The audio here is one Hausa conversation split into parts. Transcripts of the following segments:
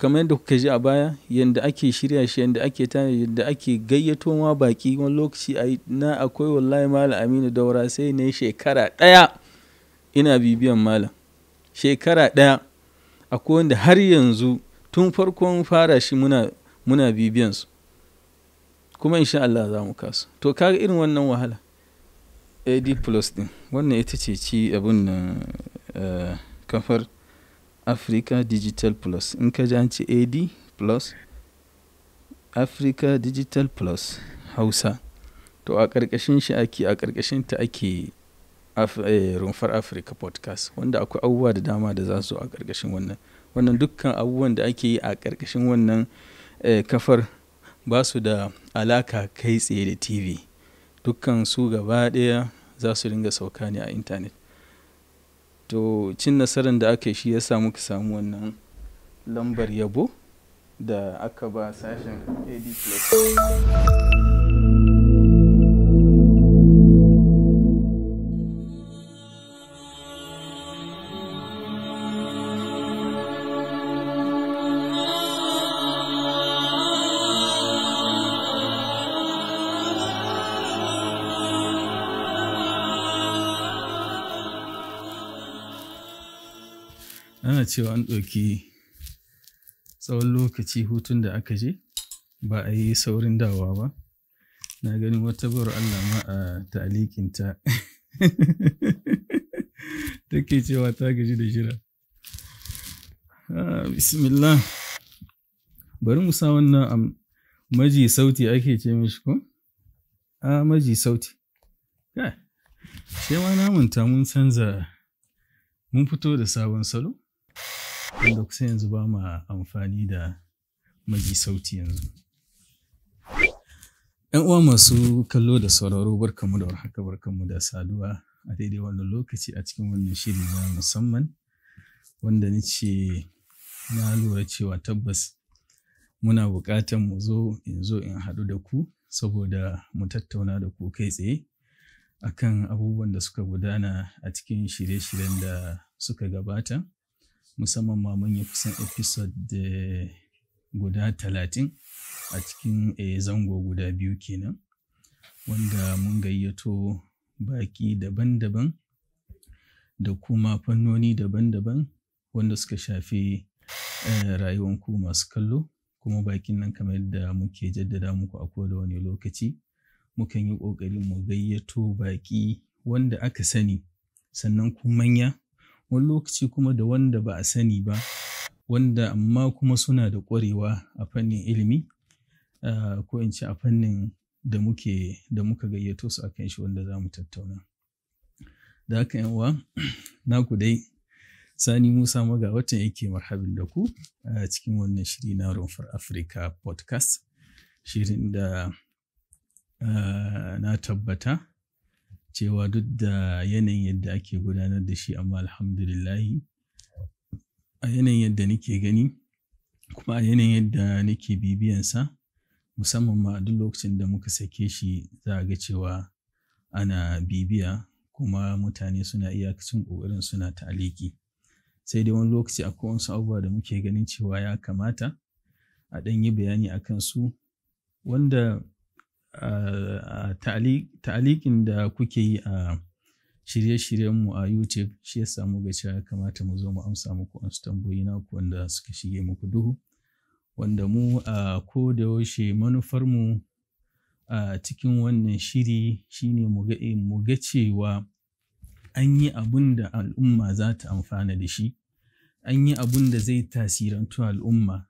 kamar yadda kuka ji a baya yadda ake shirya shi yadda ake tana yadda ake gayyato ma baki wani lokaci na akwai wallahi malam aminu daura sai ne shekara ɗaya ina bibiyan malam shekara ɗaya akwai wanda har yanzu tun farkon fara shi muna muna bibiyan su kuma insha Allah za mu kasu to kaga irin wannan wahala AD plus din wannan ita ce ci abin eh, kafar africa digital plus in ka ji an ce ad plus africa digital plus hausa to a ƙarƙashin shi ake a ƙarƙashin ta ake eh, rumfar africa podcast wanda akwai abubuwa da dama da za su a ƙarƙashin wannan wannan dukkan abubuwan da ake yi a ƙarƙashin wannan eh, kafar ba su da alaka kai tsaye da tv dukkan su gaba ɗaya za su ringa sauka ne a intanet to cin nasarar da aka shi ya samu ka samu wannan lambar yabo da aka ba sashen ad plus cewa an ɗauki tsawon lokaci hutun da aka je ba a yi saurin dawa ba na ganin wata bar Allah ma a ta'alikinta take cewa ta gaji da jira bismillah bari mu sa wannan maji sauti ake ce mishi ko a maji sauti sai ma namun mun canza mun fito da sabon salo Wanda kusa yanzu ba ma amfani da magi sauti yanzu. ‘Yan uwa masu kallo da sauraro barkamu da warhaka kamu da saduwa a daidai wannan lokaci a cikin wannan shiri na musamman wanda ni ce na lura cewa tabbas muna buƙatar mu zo in zo in haɗu da ku saboda mu tattauna da ku kai tsaye akan abubuwan da suka gudana a cikin shirye-shiryen da suka gabata musamman ma mun yi kusan episode eh, guda talatin a cikin eh, zango guda biyu kenan wanda mun gayyato baki daban-daban da kuma fannoni daban-daban wanda suka shafi eh, rayuwar ku masu kallo kuma bakin nan kamar yadda muke jaddada muku a da wani lokaci mukan yi ƙoƙari mu gayyato baki wanda aka sani sannan kuma manya wani lokaci kuma da wanda ba a sani ba wanda amma kuma suna da ƙwarewa a fannin ilimi ah, ko in ce a fannin da muke da muka gayyato su a kan shi wanda za mu tattauna da haka na ku dai sani musa maga watan yake marhabin da ku a cikin wannan shiri na rumfar Afirka podcast shirin da ah, na tabbata cewa duk da yanayin yadda ake gudanar da shi amma alhamdulillahi a yanayin yadda nake gani kuma a yanayin yadda nake bibiyansa musamman ma duk lokacin da muka sake shi za a ga cewa ana bibiya kuma mutane suna iya iyakacin ƙoƙarin suna taliki sai dai wani lokaci akwai wasu abubuwa da muke ganin cewa ya kamata a ɗan yi bayani a kansu wanda ta'alikin da kuke yi a shirye-shiryenmu a YouTube shi ya samu ga cewa kamata mu zo mu amsa muku an su tambayi naku wanda suka shige muku duhu wanda mu a ko da yaushe manufarmu a cikin wannan shiri shine eh, mu ga cewa an yi abun da al'umma za ta amfana da shi an yi abun da zai tasirantu al'umma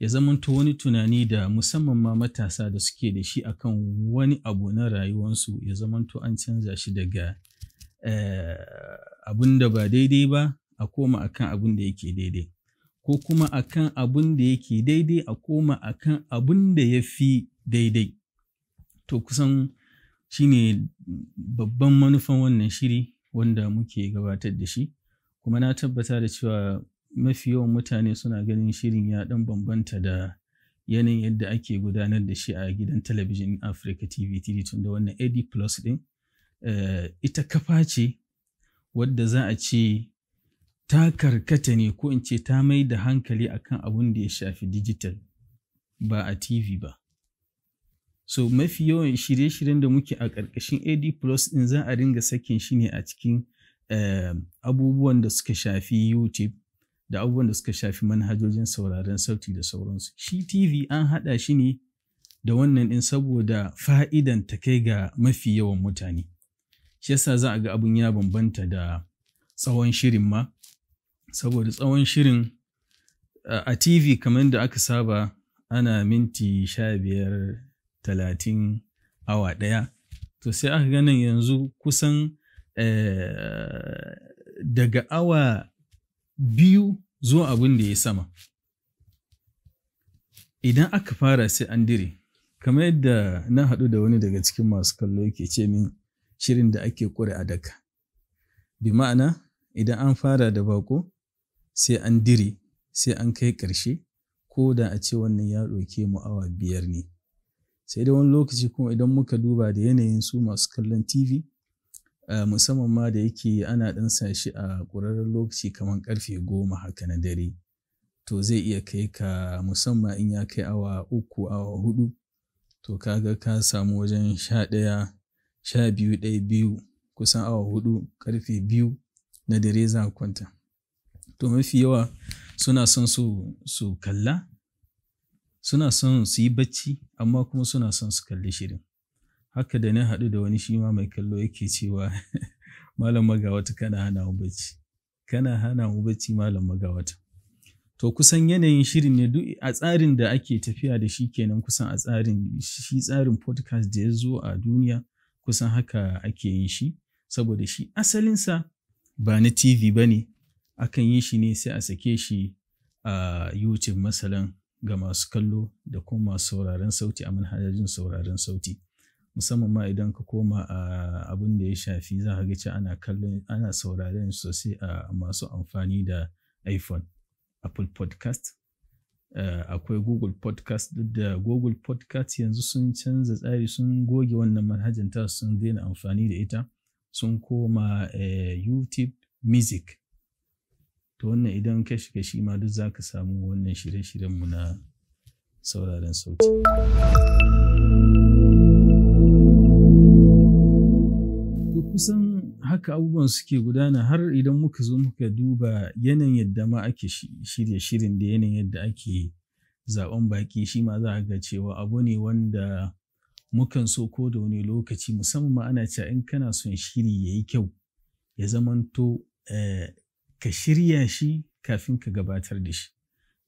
ya zamanto wani tunani da musamman ma matasa da suke da shi akan wani abu na rayuwansu ya zamanto an canza shi daga eh, abun da ba daidai ba a koma akan abun da yake daidai ko kuma akan abun da yake daidai a koma akan abun da ya fi daidai to kusan shi ne babban manufan wannan shiri wanda muke gabatar da shi kuma na tabbata da cewa mafi yawan mutane suna ganin shirin ya dan bambanta da yanayin yadda ake gudanar da shi a gidan talabijin Africa TV TV tun da wannan AD Plus din eh, ita kafa ce wadda za a ce ta karkata ne ko in ce ta mai da hankali akan abun da ya shafi digital ba a TV ba. So mafi yawan shirye-shiryen da muke a ƙarƙashin AD Plus din za a ringa sakin shi ne a cikin eh, abubuwan da suka shafi YouTube da abubuwan da suka shafi manhajojin sauraren sauti da sauransu shi tv an haɗa shi ne da wannan ɗin saboda fa'idan ta kai ga mafi yawan mutane shi yasa za a ga abin ya bambanta da tsawon shirin ma saboda tsawon shirin a tv kamar da aka saba ana minti sha biyar talatin awa ɗaya to sai aka ganin yanzu kusan eh, daga awa biyu zuwa abin da ya sama. Idan aka fara sai an dire, kamar yadda na haɗu da wani daga cikin masu kallo yake ce min shirin da ake ƙure a daka. Bi ma'ana, idan an fara da bako, sai an dire, sai an kai ƙarshe, ko da a ce wannan ya ɗauke mu awa biyar ne. Sai da wani lokaci kuma idan muka duba da yanayin su masu kallon TV, Eh, musamman ma da yake ana ɗan shi a ƙurarren lokaci kamar ƙarfe goma haka na dare to zai iya kai ka musamman in ya kai awa uku awa hudu to kaga ka samu wajen sha ɗaya sha biyu ɗaya biyu kusan awa hudu ƙarfe biyu na dare za a kwanta to mafi yawa suna son su su kalla suna son su yi bacci amma kuma suna son su kalli shirin haka da na haɗu da wani shi ma mai kallo yake cewa malam magawata kana hana mu bacci kana hana mu bacci malam magawata to kusan yanayin shirin ne duk a tsarin da ake tafiya da shi kenan kusan a tsarin shi tsarin podcast da ya zo a duniya kusan haka ake yin shi saboda shi asalinsa ba na tv ba ne akan yi shi ne sai a sake shi a youtube masalan ga masu kallo da kuma masu sauraron sauti a manhajojin sauraron sauti musamman ma idan ka koma a abin da ya shafi za ka ga ana kallon ana sauraron sosai a masu amfani da iphone apple podcast Uh, akwai Google Podcast duk da Google Podcast yanzu sun canza tsari sun goge wannan manhajan ta sun daina amfani da ita sun koma uh, YouTube Music. To wannan idan ka shiga shi ma duk za ka samu wannan shirye-shiryenmu na sauraren sauti. haka abubuwan suke gudana har idan muka zo muka duba yanayin yadda ma ake shirya shirin da yanayin yadda ake zaben baki shi ma za a ga cewa abu ne wanda mukan so ko da wani lokaci musamman ma ana cewa in kana son shiri ya yi kyau ya zamanto eh, ka shirya shi kafin ka gabatar da shi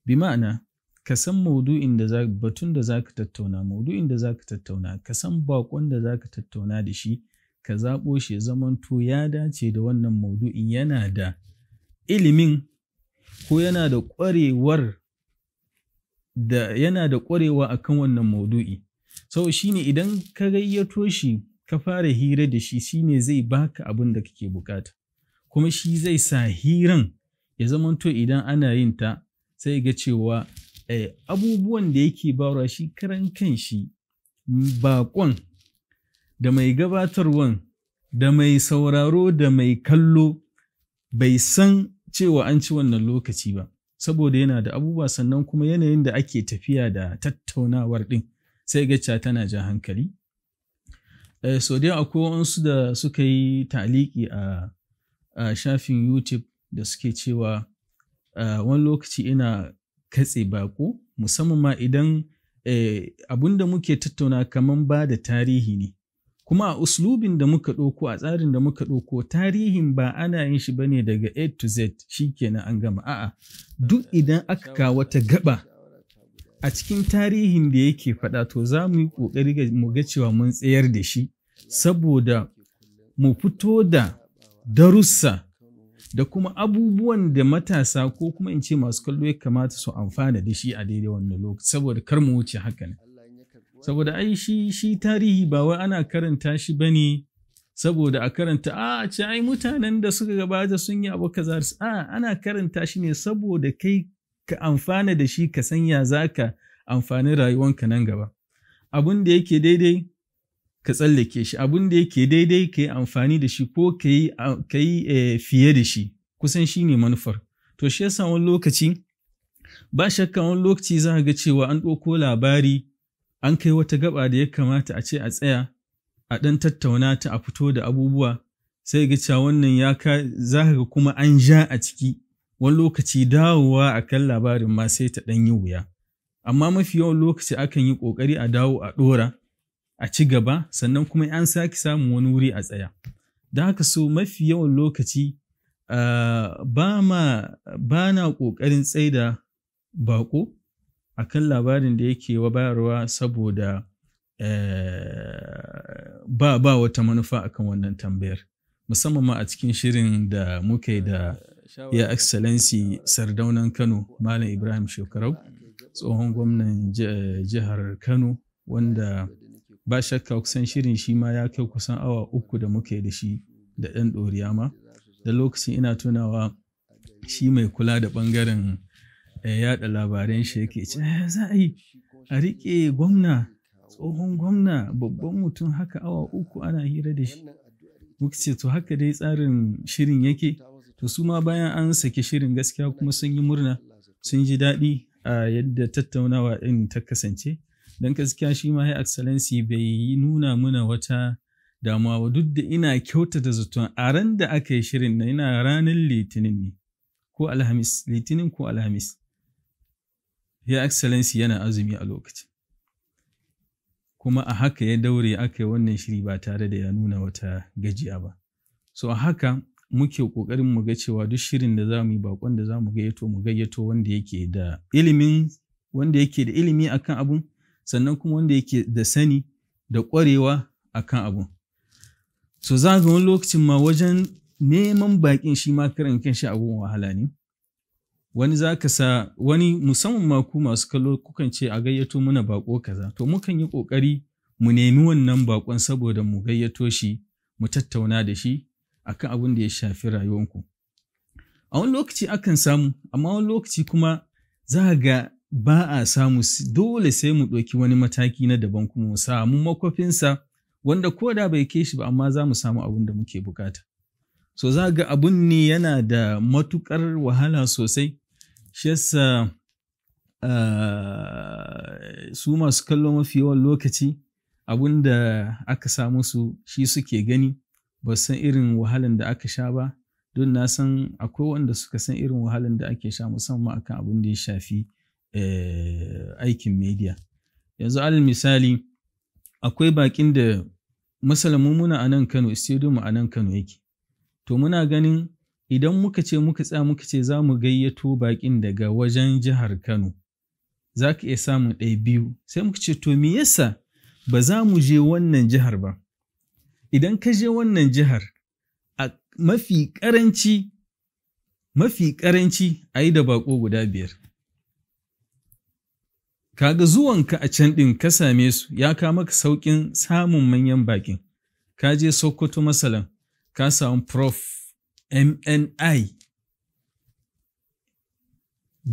bi ma'ana ka san maudu'in da za batun da ka tattauna maudu'in da ka tattauna ka san bakon da za ka tattauna da shi ka zaɓo shi zamanto ya dace da wannan maudu'in yana da ilimin ko yana da ƙwarewar da yana da ƙwarewa akan wannan maudu'i sau shi ne idan ka gayyato shi ka fara hira da shi shi ne zai baka abin da kake bukata kuma shi zai sa hiran ya zamanto idan ana yin ta sai ga cewa eh, abubuwan da yake bawa shi karan kan shi baƙon da mai gabatarwan da mai sauraro da mai kallo bai san cewa an ci wannan lokaci ba saboda yana da abubuwa sannan kuma yanayin da ake tafiya da tattaunawar ɗin sai gacca tana jan hankali eh, so dai akwai wansu da suka yi taliki a shafin youtube da suke cewa eh, wani lokaci ina katse bako musamman ma idan eh, abun da muke tattauna kamar ba da tarihi ne kuma a uslubin da muka ɗauko a tsarin da muka ɗauko tarihin ba ana yin shi bane daga A to Z shi shikenan an gama a'a duk idan aka kawo wata gaba a cikin tarihin da yake faɗa to za mu yi ƙoƙari mu ga cewa mun tsayar da shi saboda mu fito da darussa da kuma abubuwan da matasa ko kuma in ce masu kallo ya kamata su amfana da shi a daidai wannan lokaci saboda kar mu wuce hakan. saboda ai shi shi tarihi ba wai ana karanta shi ba ne saboda a karanta ah, a ce ai mutanen da suka gabata sun yi abu kaza a ana karanta shi ne saboda kai ka amfana da shi ka sanya za ka amfani rayuwanka nan gaba abin da yake daidai ka tsallake shi abin da yake daidai ka yi amfani da shi ko ka yi eh, fiye da shi kusan shi ne manufar to shi yasa wani lokaci ba shakka wani lokaci za ga cewa an ɗauko labari an kai wata gaba da ya kamata a ce a tsaya a ɗan tattauna ta a fito da abubuwa sai ga cewa wannan ya ka za ka kuma an ja a ciki wani lokaci dawowa a kan labarin ma sai ta ɗan yi wuya amma mafi yawan lokaci akan yi ƙoƙari a dawo a ɗora a ci gaba sannan kuma an sake samun wani wuri a tsaya da haka so mafi yawan lokaci uh, ba na ƙoƙarin tsaida baƙo a kan labarin da yake wa bayarwa saboda eh, ba ba wata manufa akan wannan tambayar musamman ma a cikin shirin da muke da eh, ya excellency sardaunan kano malam ibrahim shekarau tsohon gwamnan eh, jihar kano wanda ba shakka kusan shirin shi ma ya kai kusan awa uku da muke da shi da ɗan ɗoriya ma da lokacin ina tunawa shi mai kula da ɓangaren Eh, yada labaran shi yake ce za a yi a riƙe gwamna tsohon gwamna babban mutum haka awa uku ana hira da shi muka ce to haka dai tsarin shirin yake to su ma bayan an sake shirin gaskiya kuma sun yi murna sun ji daɗi a yadda tattaunawa ɗin ta kasance don gaskiya shi ma ya excellency bai nuna mana wata damuwa ba duk da ina kyautata zaton a ran da aka yi shirin na ina ranar litinin ne ko alhamis litinin ko alhamis ya excellency yana azumi a lokacin kuma a haka ya daure aka yi wannan shiri ba tare da ya nuna wata gajiya ba so a haka muke ƙoƙarin mu ga cewa duk shirin da za mu yi bakon da za mu gayyato mu gayyato wanda yake da ilimin wanda yake da ilimi akan abun sannan kuma wanda yake da sani da ƙwarewa akan abu? so za ga wani lokacin ma wajen neman baƙin shi ma karan kan shi abun wahala ne wani za ka sa wani musamman ma ku masu kallo kukan ce a gayyato mana bako kaza to mukan yi ƙoƙari mu nemi wannan bakon saboda mu gayyato shi mu tattauna da shi akan abin da ya shafi rayuwanku a wani lokaci akan samu amma wani lokaci kuma za ga ba a samu dole sai mu ɗauki wani mataki na daban kuma mu samu makofinsa wanda ko da bai ke shi ba amma za mu samu abin da muke bukata So za ga abun ne yana da matuƙar wahala sosai, shi yasa eh, su masu kallo mafi yawan lokaci abun da aka sa musu shi suke gani ba san irin wahalan da aka sha ba, don na san akwai wanda suka san irin wahalan da ake sha musamman akan abun da ya shafi eh, aikin media. Yanzu alal misali, akwai bakin da masalamin muna a nan Kano, stadium a nan Kano yake. To muna ganin idan muka ce muka tsaya muka ce za mu gayyato baƙin daga wajen jihar Kano, za ka iya samun ɗaya biyu, sai muka ce to me yasa ba za mu je wannan jihar ba. Idan ka je wannan jihar, a mafi ƙaranci, mafi ƙaranci a yi da baƙo guda biyar. Kaga zuwanka a can ɗin ka same su ya kama ka sauƙin samun manyan baƙin, ka je Sokoto masalan. ka samu prof mni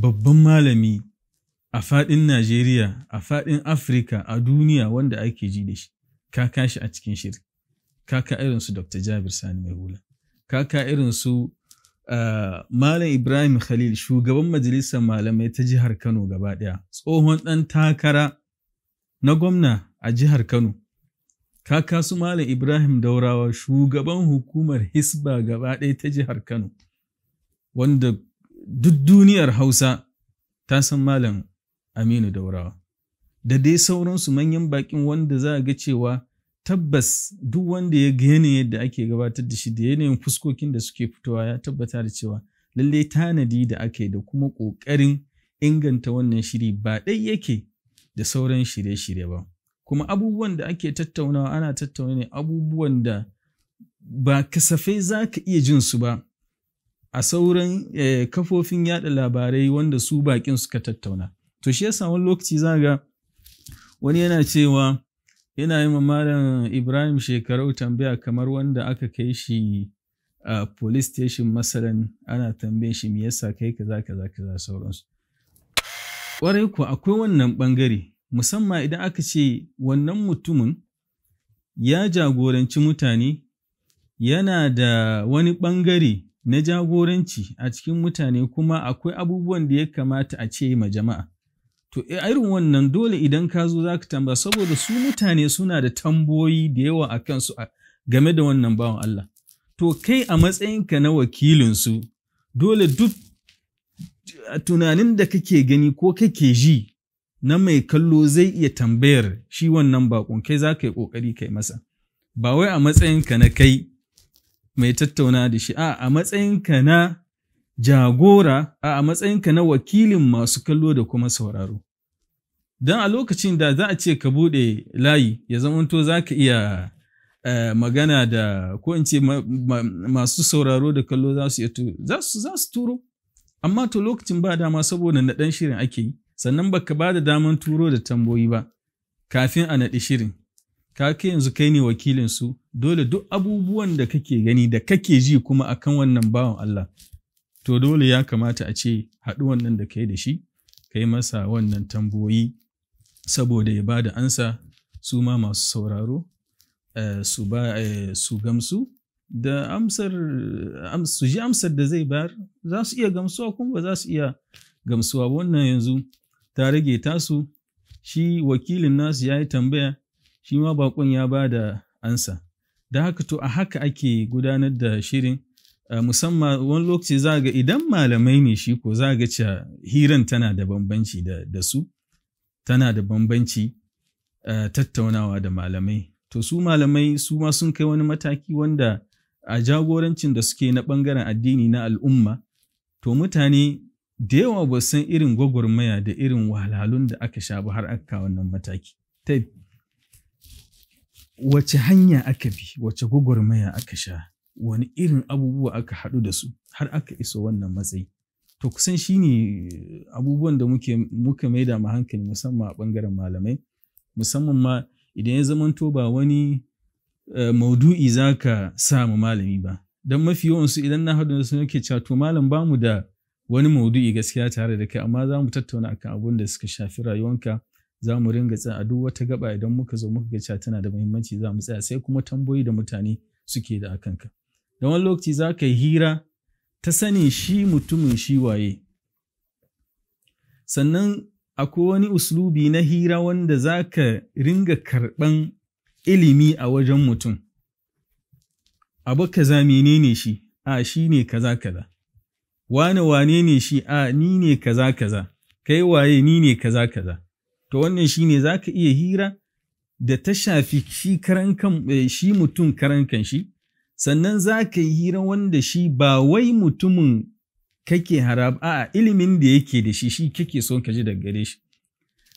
babban malami a faɗin najeriya a faɗin afirka a duniya wanda ake ji da shi ka kashi a cikin shiri ka ka irinsu dr jabir sani mai hula ka ka irinsu ah, Malam Ibrahim Khalil shugaban majalisar malamai ta jihar Kano gaba ɗaya, tsohon ɗan takara na gwamna a jihar Kano, su Malam Ibrahim Daurawa shugaban hukumar Hisba gaba ɗaya ta jihar Kano, wanda duk duniyar Hausa ta san Malam Aminu Daurawa. Da dai sauransu manyan baƙin wanda za a ga cewa tabbas duk wanda ya yanayin yadda ake gabatar da shi da yanayin fuskokin da suke fitowa ya tabbata da cewa lallai tanadi da ake da kuma ƙoƙarin inganta wannan shiri ba ɗai yake da sauran shirye-shirye ba. kuma abubuwan da ake tattaunawa ana tattauna ne abubuwan da ba kasafai za ka iya jin su ba a sauran eh, kafofin yada labarai wanda su bakin suka tattauna to shi yasa wani lokaci za ga wani yana cewa yana yi Malam ibrahim shekarau tambaya kamar wanda aka kai shi a police station masalan ana tambaye shi me yasa kai kaza kaza kaza sauransu Ƙwarai ku akwai wannan ɓangare. musamman idan aka ce wannan mutumin ya jagoranci mutane yana da wani ɓangare na jagoranci a cikin mutane kuma akwai abubuwan da ya kamata a ce ma jama'a. To, eh, irin wannan dole idan ka zo za ka tambaya saboda su mutane suna da tamboyi da yawa a kansu game da wannan bawan Allah. To, kai a matsayinka na wakilinsu, dole duk tunanin da kake gani ko kake ji na mai kallo zai iya tambayar shi wannan bakon kai za ka yi ƙoƙari kai masa ba wai a matsayinka na kai mai tattauna da shi a a matsayinka na jagora a a matsayinka na wakilin masu kallo da kuma sauraro don a lokacin da za a ce ka buɗe layi ya zamanto za ka iya eh, magana da ko in ce masu sauraro da kallo za su iya turo amma to lokacin ba dama saboda na ɗan shirin ake yi sannan baka ba da daman turo da tamboyi ba kafin a naɗi shirin ka ke yanzu kai ne wakilin su dole duk abubuwan da kake gani da kake ji kuma akan wannan bawan Allah to dole ya kamata a ce haɗuwan nan da kai da shi kai masa wannan tamboyi saboda ya ba da ansa su ma masu sauraro eh, su eh, su gamsu da amsar su ji amsar da zai bayar za su iya gamsuwa kuma ba za su iya gamsuwa wannan yanzu ta rage tasu shi wakilin nasu ya yi tambaya shi ma bakon ya ba da ansa da haka to a haka ake gudanar da shirin eh, musamman wani lokaci za ga idan malamai ne shi ko za ga cewa hiran tana da bambanci da su tana da bambanci eh, tattaunawa da malamai to su malamai su ma sun kai wani mataki wanda a jagorancin da suke na ɓangaren addini na al'umma to mutane da yawa ba san irin gwagwarmaya da irin wahalhalun da aka sha ba har aka wannan mataki ta wace hanya aka bi wace gwagwarmaya aka sha wani irin abubuwa aka haɗu da su har aka iso wannan matsayi to kusan shi ne eh, abubuwan da muke muka maida ma hankali musamman a ɓangaren malamai musamman ma idan ya zamanto ba wani eh, maudu'i za ka sa malami ba don mafi yawansu idan na haɗu da su nake cato, to malam bamu da wani maudu'i gaskiya tare da kai amma za mu tattauna akan abun da suka shafi rayuwanka za mu ringa tsaya a duk wata gaba idan muka zo muka ga cewa tana da muhimmanci za mu tsaya sai kuma tambayoyi da mutane suke da akan ka da wani lokaci za ka yi hira ta sani shi mutumin shi waye sannan akwai wani uslubi na hira wanda za ka ringa karɓan ilimi a wajen mutum abu kaza menene shi a shi ne kaza kaza wane wane ne shi a ni ne kaza kaza kai waye ni ne kaza kaza to wannan shi ne za ka iya hira da ta shafi shi karan eh, shi mutum karan kan shi sannan ka yi hira wanda shi ba wai mutumin kake harab a ilimin da yake da shi shi kake son ka ji daga gare shi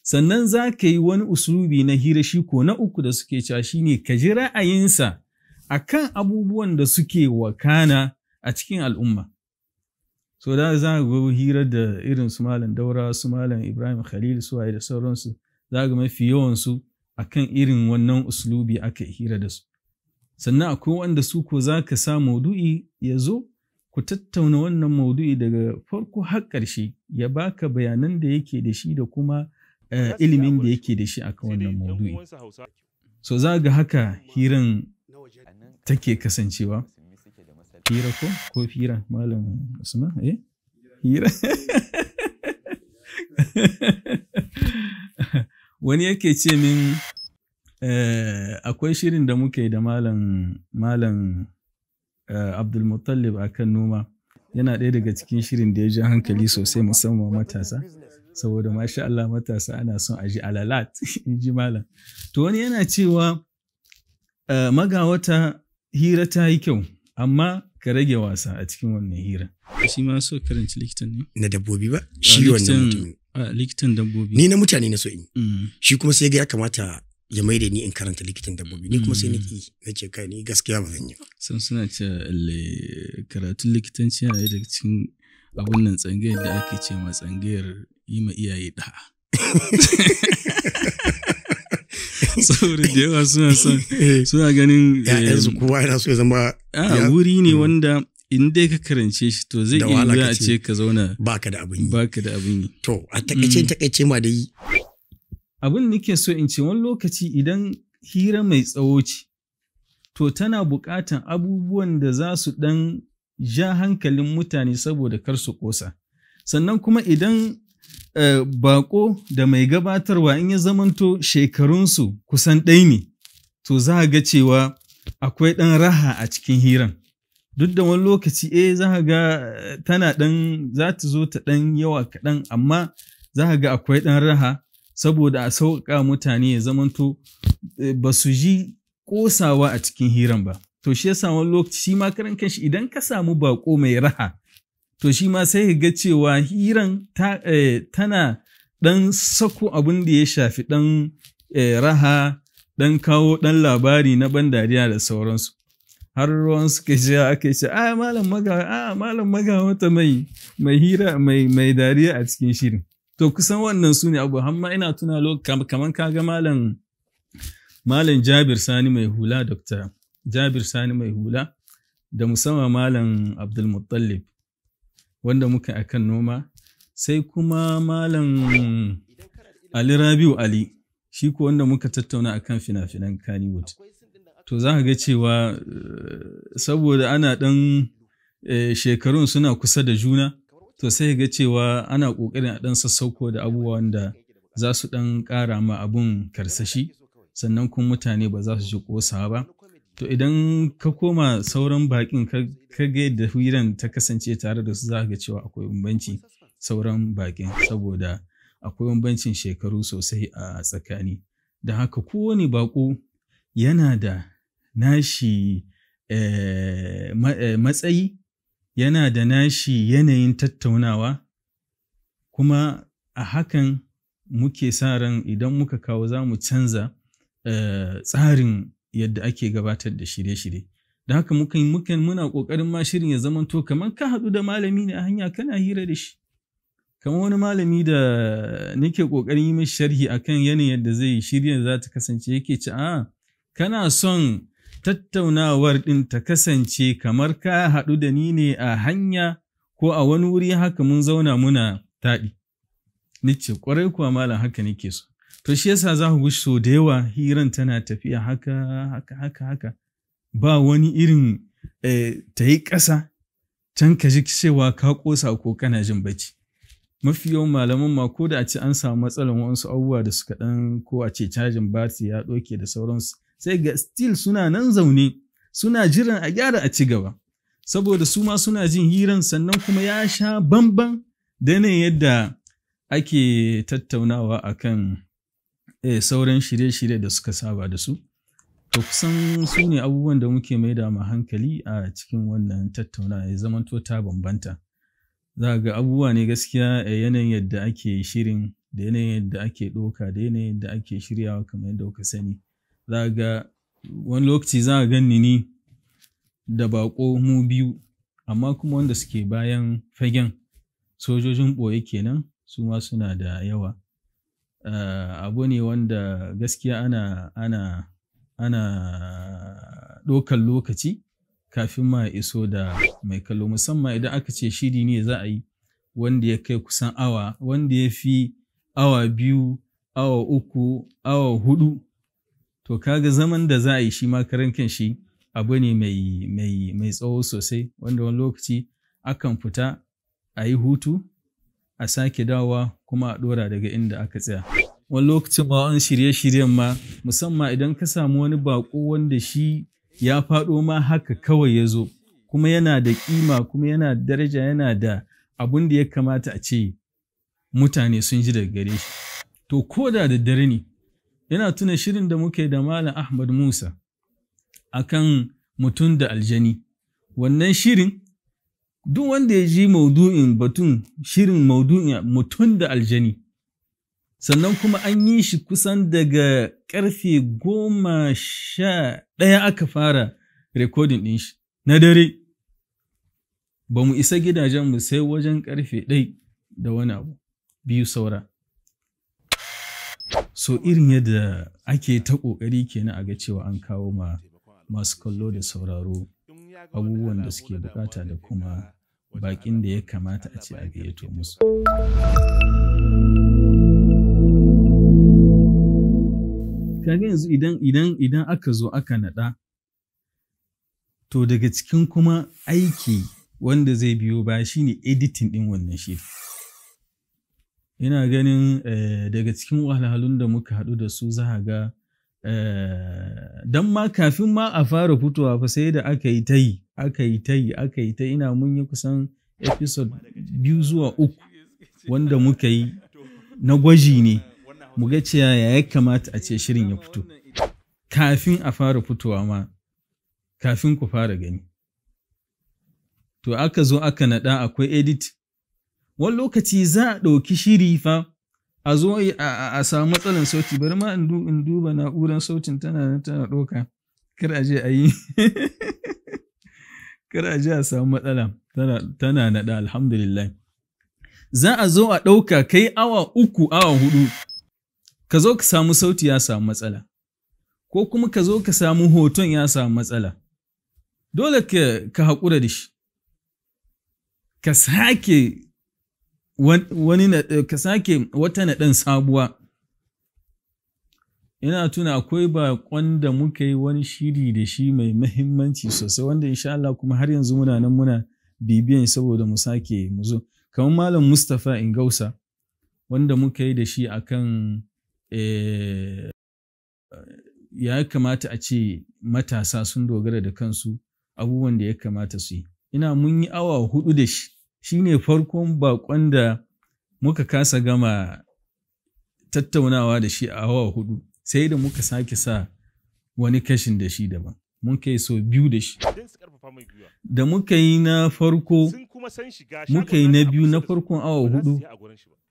sannan za ka yi wani usulubi na hira shi ko na uku da suke cewa shine ka ji ra'ayinsa a kan abubuwan da suke wakana a cikin al'umma so da za ga hirar da irin su malam daura su malam ibrahim khalil su da sauransu za ga mafi yawansu akan irin wannan uslubi aka hira da su sannan akwai wanda su ko za ka sa maudu'i ya zo ku tattauna wannan maudu'i daga farko har ƙarshe ya baka bayanan da yake da shi da kuma eh, ilimin da yake da shi akan wannan maudu'i so za ga haka hiran take kasancewa Hira ko? Ko Malam Usman? Eh? Wani yake ce min eh, akwai shirin da muke da Malam Malam eh, Abdulmutallib a kan noma. Yana ɗaya daga cikin shirin da ya ji hankali sosai musamman matasa. Saboda masha Allah matasa ana son a ji alalat, in ji Malam. To wani yana cewa eh, magawata hira ta yi kyau, amma ka rage wasa a cikin wannan hira. Shi ma so karanci likitan ne? Na dabbobi ba, shi wannan mutum. likitan dabbobi. Ni na mutane na so in. Mm. Shi kuma sai ga ya kamata ya mai da ni in karanta likitan dabbobi. Ni kuma sai mm. na na ce kai ni gaskiya ba zan yi ba. San suna ce karatun likitanci yana daga cikin abun nan tsangayar da ake ce ma tsangayar yi ma iyaye da'a. saboda da yawa suna son eh. suna ganin su eh, kowa yana so ya zama a wuri ne mm. wanda in dai ka karance shi to zai iya yi a ce ka zauna baka da abin yi baka da abin yi to a takaice mm. takaice ma da yi abin nake so in ce wani lokaci idan hira mai tsawo ce to tana buƙatan abubuwan da za su ɗan ja hankalin mutane saboda kar su ƙosa sannan kuma idan Eh, bako da mai gabatarwa in ya zamanto shekarunsu kusan ɗai ne, to za a ga cewa akwai ɗan raha a cikin hiran. Duk da wani lokaci e za a ga tana ɗan za ta zo ta ɗan yawa kaɗan amma za a ga akwai ɗan raha saboda a sauƙaƙa mutane ya zamanto eh, ba su ji ƙosawa a cikin hiran ba. To shi ya wani lokaci ma karan kanshi idan ka samu baƙo mai raha to shi ma sai ga cewa hiran eh, tana ɗan sako abin da ya shafi ɗan eh, raha ɗan kawo ɗan labari na ban dariya da sauransu har ruwan suka sha aka ce a ah, malam magawa a ah, malam magawa wata mai hira mai dariya a cikin shirin to kusan wannan su ne abu "Hamma ina tuna lokacin kamar kaga malam malam Jabir Sani mai hula Dr. Jabir Sani mai hula da musamman malam Abdulmuttalib wanda muka a kan noma sai kuma malam ali rabiu ali shi ko wanda muka tattauna a kan fina-finan kannywood to za ka ga cewa eh, saboda ana ɗan eh, shekarun suna kusa da juna to sai ga cewa ana ƙoƙarin a ɗan sassauko da abubuwan da za su ɗan ƙara ma abun karsashi sannan kuma mutane ba za su ji ƙosa ba To idan ka koma sauran bakin ka ga yadda hiran ta kasance tare da su za ga cewa akwai bambanci sauran bakin saboda akwai bambancin shekaru sosai a tsakani. Da haka kowane bako yana da nashi eh, eh, matsayi, yana da nashi yanayin tattaunawa, kuma a hakan muke sa ran idan muka kawo za mu canza eh, tsarin yadda ake gabatar da shirye-shirye da haka mukan mukan muna kokarin ma shirin ya zamanto kamar ka haɗu da malami ne a hanya kana hira da shi kamar wani malami da nake kokarin yi mishi sharhi akan yanayin yadda zai shirya za ta kasance yake ci a'a. kana son tattaunawar ɗin ta kasance kamar ka haɗu da ni ne a hanya ko a wani wuri haka mun zauna muna taɗi. Nice, ƙwarai kuwa malam haka nake so. to shi yasa za ku so da yawa hiran tana tafiya haka haka haka haka ba wani irin eh, ta yi ƙasa can ka ji cewa ka ƙosa ko kana jin bacci mafi yawan malaman ma ko da a ce an samu matsalan wasu abubuwa da suka ɗan ko a ce cajin bati ya ɗauke da sauransu sai ga still suna nan zaune suna jiran a gyara a ci gaba saboda su ma suna jin hiran sannan kuma ya sha bamban da ne yadda ake tattaunawa akan Eh, sauran shirye-shirye da suka saba da su. To kusan su ne abubuwan da muke mai da ma hankali a cikin wannan tattauna ya zamanto ta bambanta. Za ga abubuwa ne gaskiya eh, yanayin yadda ake shirin da yanayin yadda ake ɗoka da yanayin yadda ake shiryawa kamar yadda kuka sani. Za ga wani lokaci za a ganni ni da baƙo mu biyu amma kuma wanda suke bayan fagen sojojin ɓoye kenan su ma suna da yawa. Eh, abu ne wanda gaskiya ana ana ana ɗaukar lokaci kafin ma iso da mai kallo musamman idan aka ce shiri ne za a yi wanda ya kai kusan awa wanda ya fi awa biyu awa uku awa hudu to kaga zaman da za a yi shi ma kan shi abu ne mai mai mai tsawo sosai wanda wani lokaci akan fita a yi hutu a sake dawowa kuma a ɗora daga inda aka tsaya. Wani lokacin ma an shirye-shiryen ma musamman idan ka samu wani bako wanda shi ya faɗo ma haka kawai ya zo kuma yana da ƙima kuma yana da daraja yana da abun da ya kamata a ce mutane sun ji daga gare shi. To ko da da dare ne yana tuna shirin da muke da Malam Ahmad Musa akan mutum da aljani. Wannan shirin duk wanda ya ji maudu'in batun shirin maudu'in mutum da aljani sannan kuma an yi shi kusan daga karfe goma sha ɗaya aka fara rekodin ɗin shi na dare ba mu isa gidajen mu sai wajen karfe ɗai da wani abu biyu saura so irin yadda ake ta ƙoƙari kenan a ga cewa an kawo ma masu kallo da sauraro abubuwan da suke bukata da kuma bakin da ya kamata a ce a gayyato musu. Kaga yanzu idan aka zo aka naɗa, to daga cikin kuma aiki wanda zai biyo ba shi ne editing ɗin wannan shi. Ina ganin eh, daga cikin wahalhalun da muka haɗu da su za ga Eh, don ma kafin ma a fara fitowa fa sai da aka yi ta yi aka yi ta yi aka yi ta ina mun yi kusan episode biyu zuwa uku wanda muka yi na gwaji ne mu ga cewa ya kamata a ce shirin ya fito kafin a fara fitowa ma kafin ku fara gani to aka zo aka naɗa akwai edit wani lokaci za a ɗauki shiri fa a zo a samu matsalan sauti bari ma in duba na'urar sautin tana tana ɗauka kar a je a yi kar a je a samu matsala tana naɗa alhamdulillah za a zo a ɗauka kai awa uku awa hudu ka zo ka samu sauti ya samu matsala ko kuma ka zo ka samu hoton ya samu matsala dole ka haƙura da shi ka sake wani eh, ka sake wata ɗan sabuwa ina tuna akwai baƙon da muka yi wani shiri da shi mai mahimmanci sosai wanda insha Allah kuma har yanzu muna nan muna bibiyan saboda mu sake mu zo kamar malam Mustapha Ingausa wanda muka yi da shi akan eh, ya kamata a ce matasa sun dogara da kansu abubuwan da ya kamata su yi ina mun yi awa hudu da shi shi ne farkon bakon da muka kasa gama tattaunawa da shi a awa hudu sai da muka sake sa wani kashin da shi daban mun kai so biyu da shi da muka yi na farko muka yi na biyu na farkon awa hudu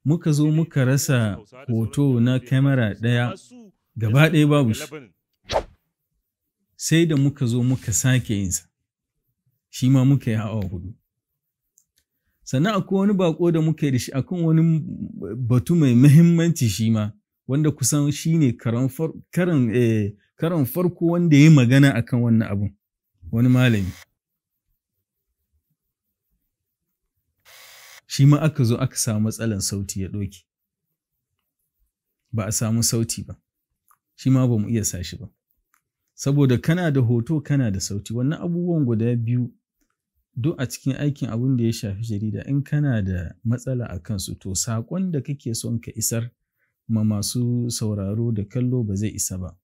muka zo muka rasa hoto na kamera ɗaya gaba ɗaya babu shi sai da muka zo muka sake yinsa shi ma muka yi awa hudu sannan akwai wani bako da muke da shi akan wani batu mai muhimmanci shi ma wanda kusan shi ne eh, karan farko wanda ya yi magana akan wannan abun wani malami shi ma aka zo aka samu matsalan sauti ya ɗoke ba a samu sauti ba shi ma ba mu iya sashi ba saboda kana da hoto kana da sauti wannan abubuwan guda biyu duk a cikin aikin abin da ya shafi jarida in kana da matsala a kansu to saƙon da kake son ka isar ma masu sauraro da kallo ba zai isa ba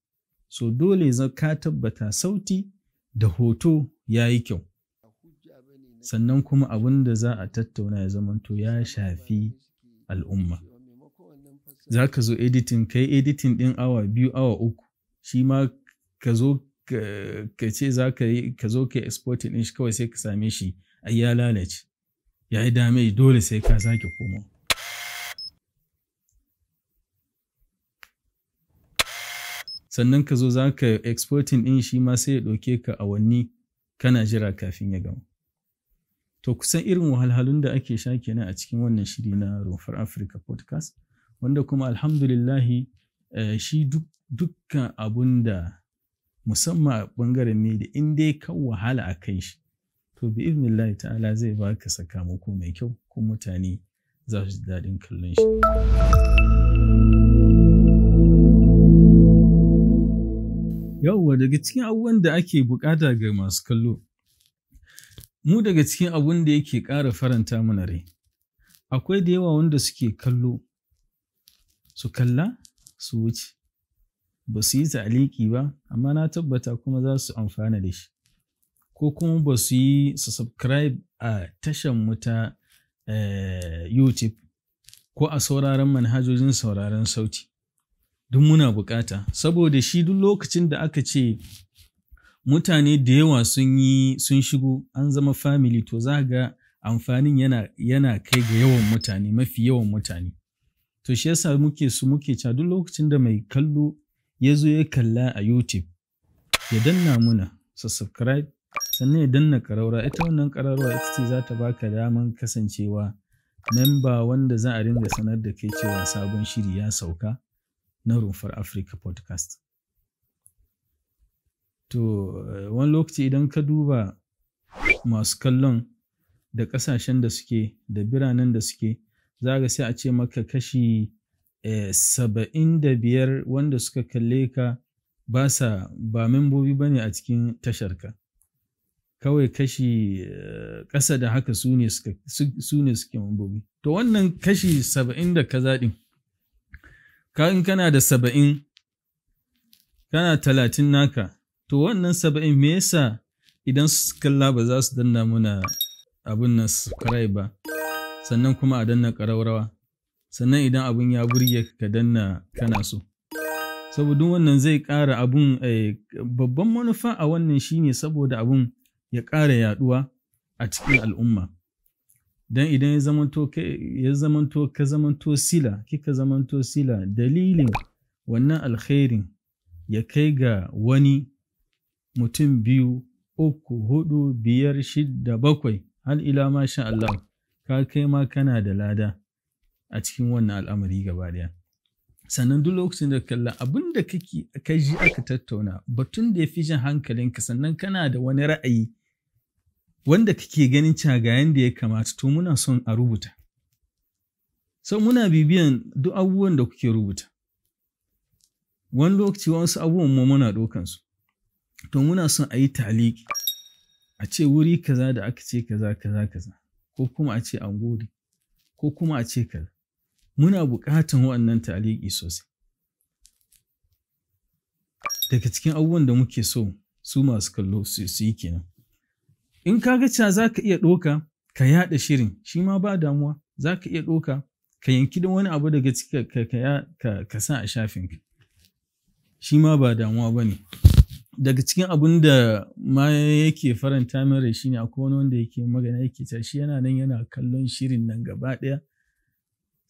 so dole ka tabbata sauti da hoto ya yi kyau sannan kuma abin da za a tattauna ya zamanto ya shafi al'umma za ka zo editin ka yi editin ɗin awa biyu awa uku shi ma ka zo ka ce za ka yi ka zo ka exporting din shi kawai sai ka same shi a ya lalace ya yi dame dole sai ka sake koma sannan ka zo za ka exporting din shi ma sai ya ɗauke ka awanni kana jira kafin ya gama to kusan irin wahalhalun da ake sha kenan a cikin wannan shiri na rumfar Africa podcast wanda kuma alhamdulillahi eh, shi dukkan abun da musamman a ɓangaren media in dai kan wahala a kan shi to bi iznillahi ta'ala zai baka sakamako mai kyau ko mutane za su ji daɗin kallon shi. yawwa daga cikin abubuwan da ake bukata ga masu kallo mu daga cikin abun da yake ƙara faranta mana rai akwai da yawa wanda suke kallo su kalla su wuce ba su yi ta'aliki ba amma na tabbata kuma za su amfana da shi ko kuma ba su yi su subscribe a tashan mu ta eh, youtube ko a sauraron manhajojin sauraron sauti duk muna bukata saboda shi duk lokacin da aka ce mutane da yawa sun yi sun shigo an zama family to za ga amfanin yana, yana kai ga yawan mutane mafi yawan mutane to shi yasa muke su muke ca duk lokacin da mai kallo ya zo ya kalla a YouTube ya danna muna su subscribe sannan ya danna karaura ita wannan karaura ita ce za ta baka daman kasancewa memba wanda za a ringa sanar da kai cewa sabon shiri ya sauka na rumfar Africa podcast. To wani lokaci idan ka duba masu kallon da ƙasashen da suke da biranen da suke za ga sai a ce maka kashi Eh, saba'in da biyar wanda suka kalle ka ba sa ba membobi ba ne a cikin tasharka kawai kashi eh, ƙasa da haka su ne suke membobi to wannan kashi saba'in da ka zaɗin ka in kana da saba'in kana talatin naka to wannan saba'in me yasa idan su kalla ba za su danna muna abin nan subscribe ba sannan kuma a danna ƙaraurawa sannan idan abun ya burge ka danna kana so saboda wannan zai ƙara abun eh, babban manufa a wannan shine saboda abun ya ƙara yaduwa a cikin al'umma don idan ya zamanto ka zamanto sila kika zamanto sila dalilin wannan alkhairin ya kai ga wani mutum biyu uku hudu biyar shidda bakwai har ila masha Allah ka kai ma kana da lada a cikin wannan al'amari gaba daya sannan duk lokacin da kalla abin da kake ka ji aka tattauna batun da ya fi hankalin hankalinka sannan kana da wani ra'ayi wanda kake ganin cagayen da ya kamata to muna son a rubuta sau muna bibiyan duk abubuwan da kuke rubuta wani lokaci wasu abubuwan ma muna ɗaukan su to muna son a yi taliki a ce wuri kaza da aka ce kaza kaza kaza ko kuma a ce an ko kuma a ce kaza muna buƙatan wannan taliki sosai daga cikin abubuwan da muke so su masu kallo su yi kenan in ka ga cewa za ka iya ɗoka ka yaɗa shirin shi ma ba damuwa za ka iya ɗoka ka yanki da wani abu daga ciki ka sa a ka shi ma ba damuwa ba ne daga cikin abun da ma yake faranta min rai shine akwai wani wanda yake magana yake ta shi yana nan yana kallon shirin nan gaba ɗaya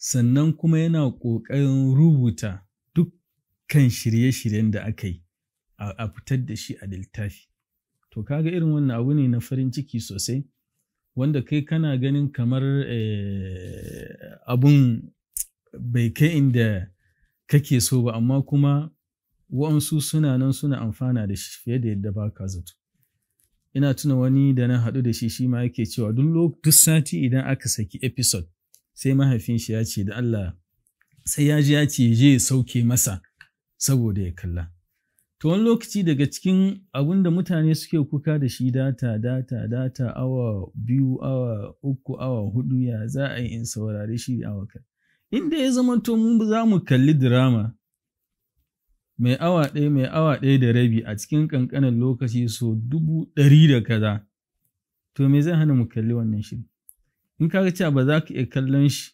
sannan kuma yana ƙoƙarin rubuta dukkan shirye-shiryen da aka yi a fitar da shi a littafi. To kaga irin wannan abu ne na farin ciki sosai wanda kai kana ganin kamar eh, abun bai kai inda kake so ba amma kuma wa'ansu suna nan suna amfana da shi fiye da yadda ba ka zato. Ina tuna wani da na haɗu da shi shi ma yake cewa duk sati idan aka saki episode sai mahaifin shi ya ce da Allah sai ya ji ya ce je sauke masa saboda ya kalla to wani lokaci daga cikin abunda da mutane suke kuka da shi data data data awa biyu awa uku awa hudu ya za a yi in saurare shi awa kan inda ya zama to mun za mu kalli drama mai awa ɗaya mai awa ɗaya da rabi a cikin ƙanƙanin lokaci so dubu ɗari da kaza to me zai hana mu kalli wannan shirin in ka cewa ba za ka iya kallon shi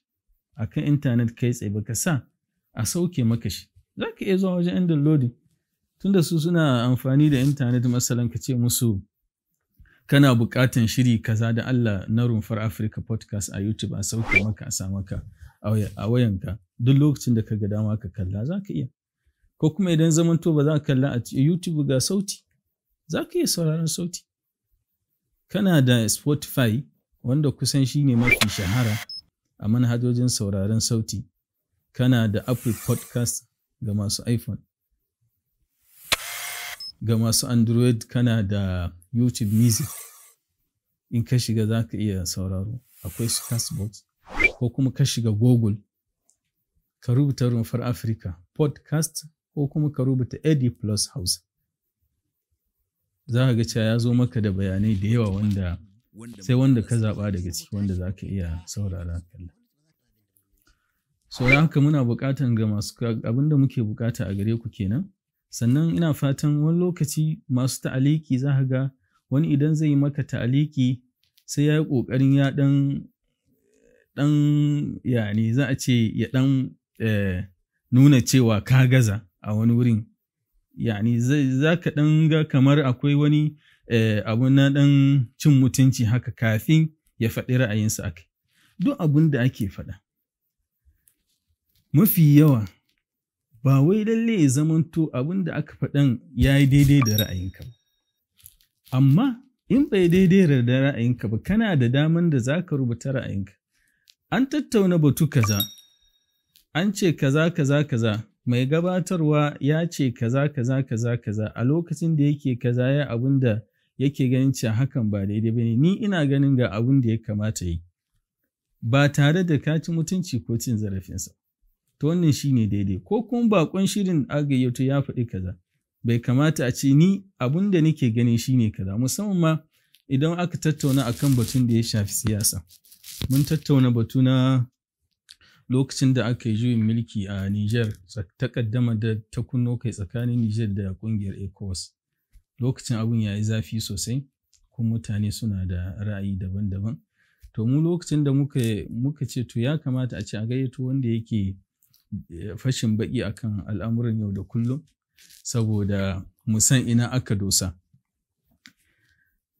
a kan intanet kai tsaye ba ka sa a sauke maka shi za ka iya zuwa wajen inda lodi da su suna amfani da intanet masalan ka ce musu kana bukatan shiri kaza da Allah na rumfar Africa podcast a YouTube a sauke maka a maka a wayanka duk lokacin da ka ga dama ka kalla za ka iya ko kuma idan zamanto ba za ka kalla a YouTube ga sauti za ka iya sauraron sauti kana da Spotify wanda kusan shi ne mafi shahara a manhajojin sauraron sauti kana da apple podcast ga masu iphone ga masu android kana da youtube music in ka shiga za ka iya sauraro akwai su castbox ko kuma ka shiga google ka rubuta rumfar afirka podcast ko kuma ka rubuta edi plus house za ka ga cewa ya zo maka da bayanai da yawa wanda sai wanda ka zaɓa daga ciki wanda za ka iya saurara kalla. So da haka muna buƙatan ga masu abin da muke buƙata a gare ku kenan. Sannan ina fatan wani lokaci masu ta'aliki za ka ga wani idan zai yi maka ta'aliki sai ya yi ƙoƙarin ya ɗan ɗan ya ne za a ce ya ɗan eh, nuna cewa ka gaza a wani wurin. Yani za ka ɗan ga kamar akwai wani Eh, abu na ɗan cin mutunci haka kafin ya faɗi ra'ayinsa a kai. Duk abin da ake faɗa. Mafi yawa ba wai lalle ya zamanto abin da aka faɗan ya yi daidai da ra'ayinka ba. Amma in bai daidai da ra'ayinka ba kana da daman da za ka rubuta ra'ayinka. An tattauna batu kaza, an ce kaza kaza kaza. mai gabatarwa ya ce kaza kaza kaza kaza a lokacin da yake kaza ya abin da yake ganin cewa hakan ba daidai ba ne ni ina ganin ga abin da ya kamata yi ba tare da ka ci mutunci ko cin zarafinsa to wannan shine daidai ko kuma bakon shirin agayyato ya faɗi kaza bai kamata a ce ni abin da nake gani shine kaza musamman ma idan aka tattauna akan batun da ya shafi siyasa mun tattauna batu na lokacin da aka yi juyin mulki a Niger takaddama da ta kai tsakanin Niger da kungiyar ECOWAS lokacin abun ya yi zafi sosai kuma mutane suna da ra'ayi daban-daban to mu lokacin da muka, ce to ya kamata a ce a gayyato wanda yake eh, fashin baki akan al'amuran yau da kullum saboda mu san ina aka dosa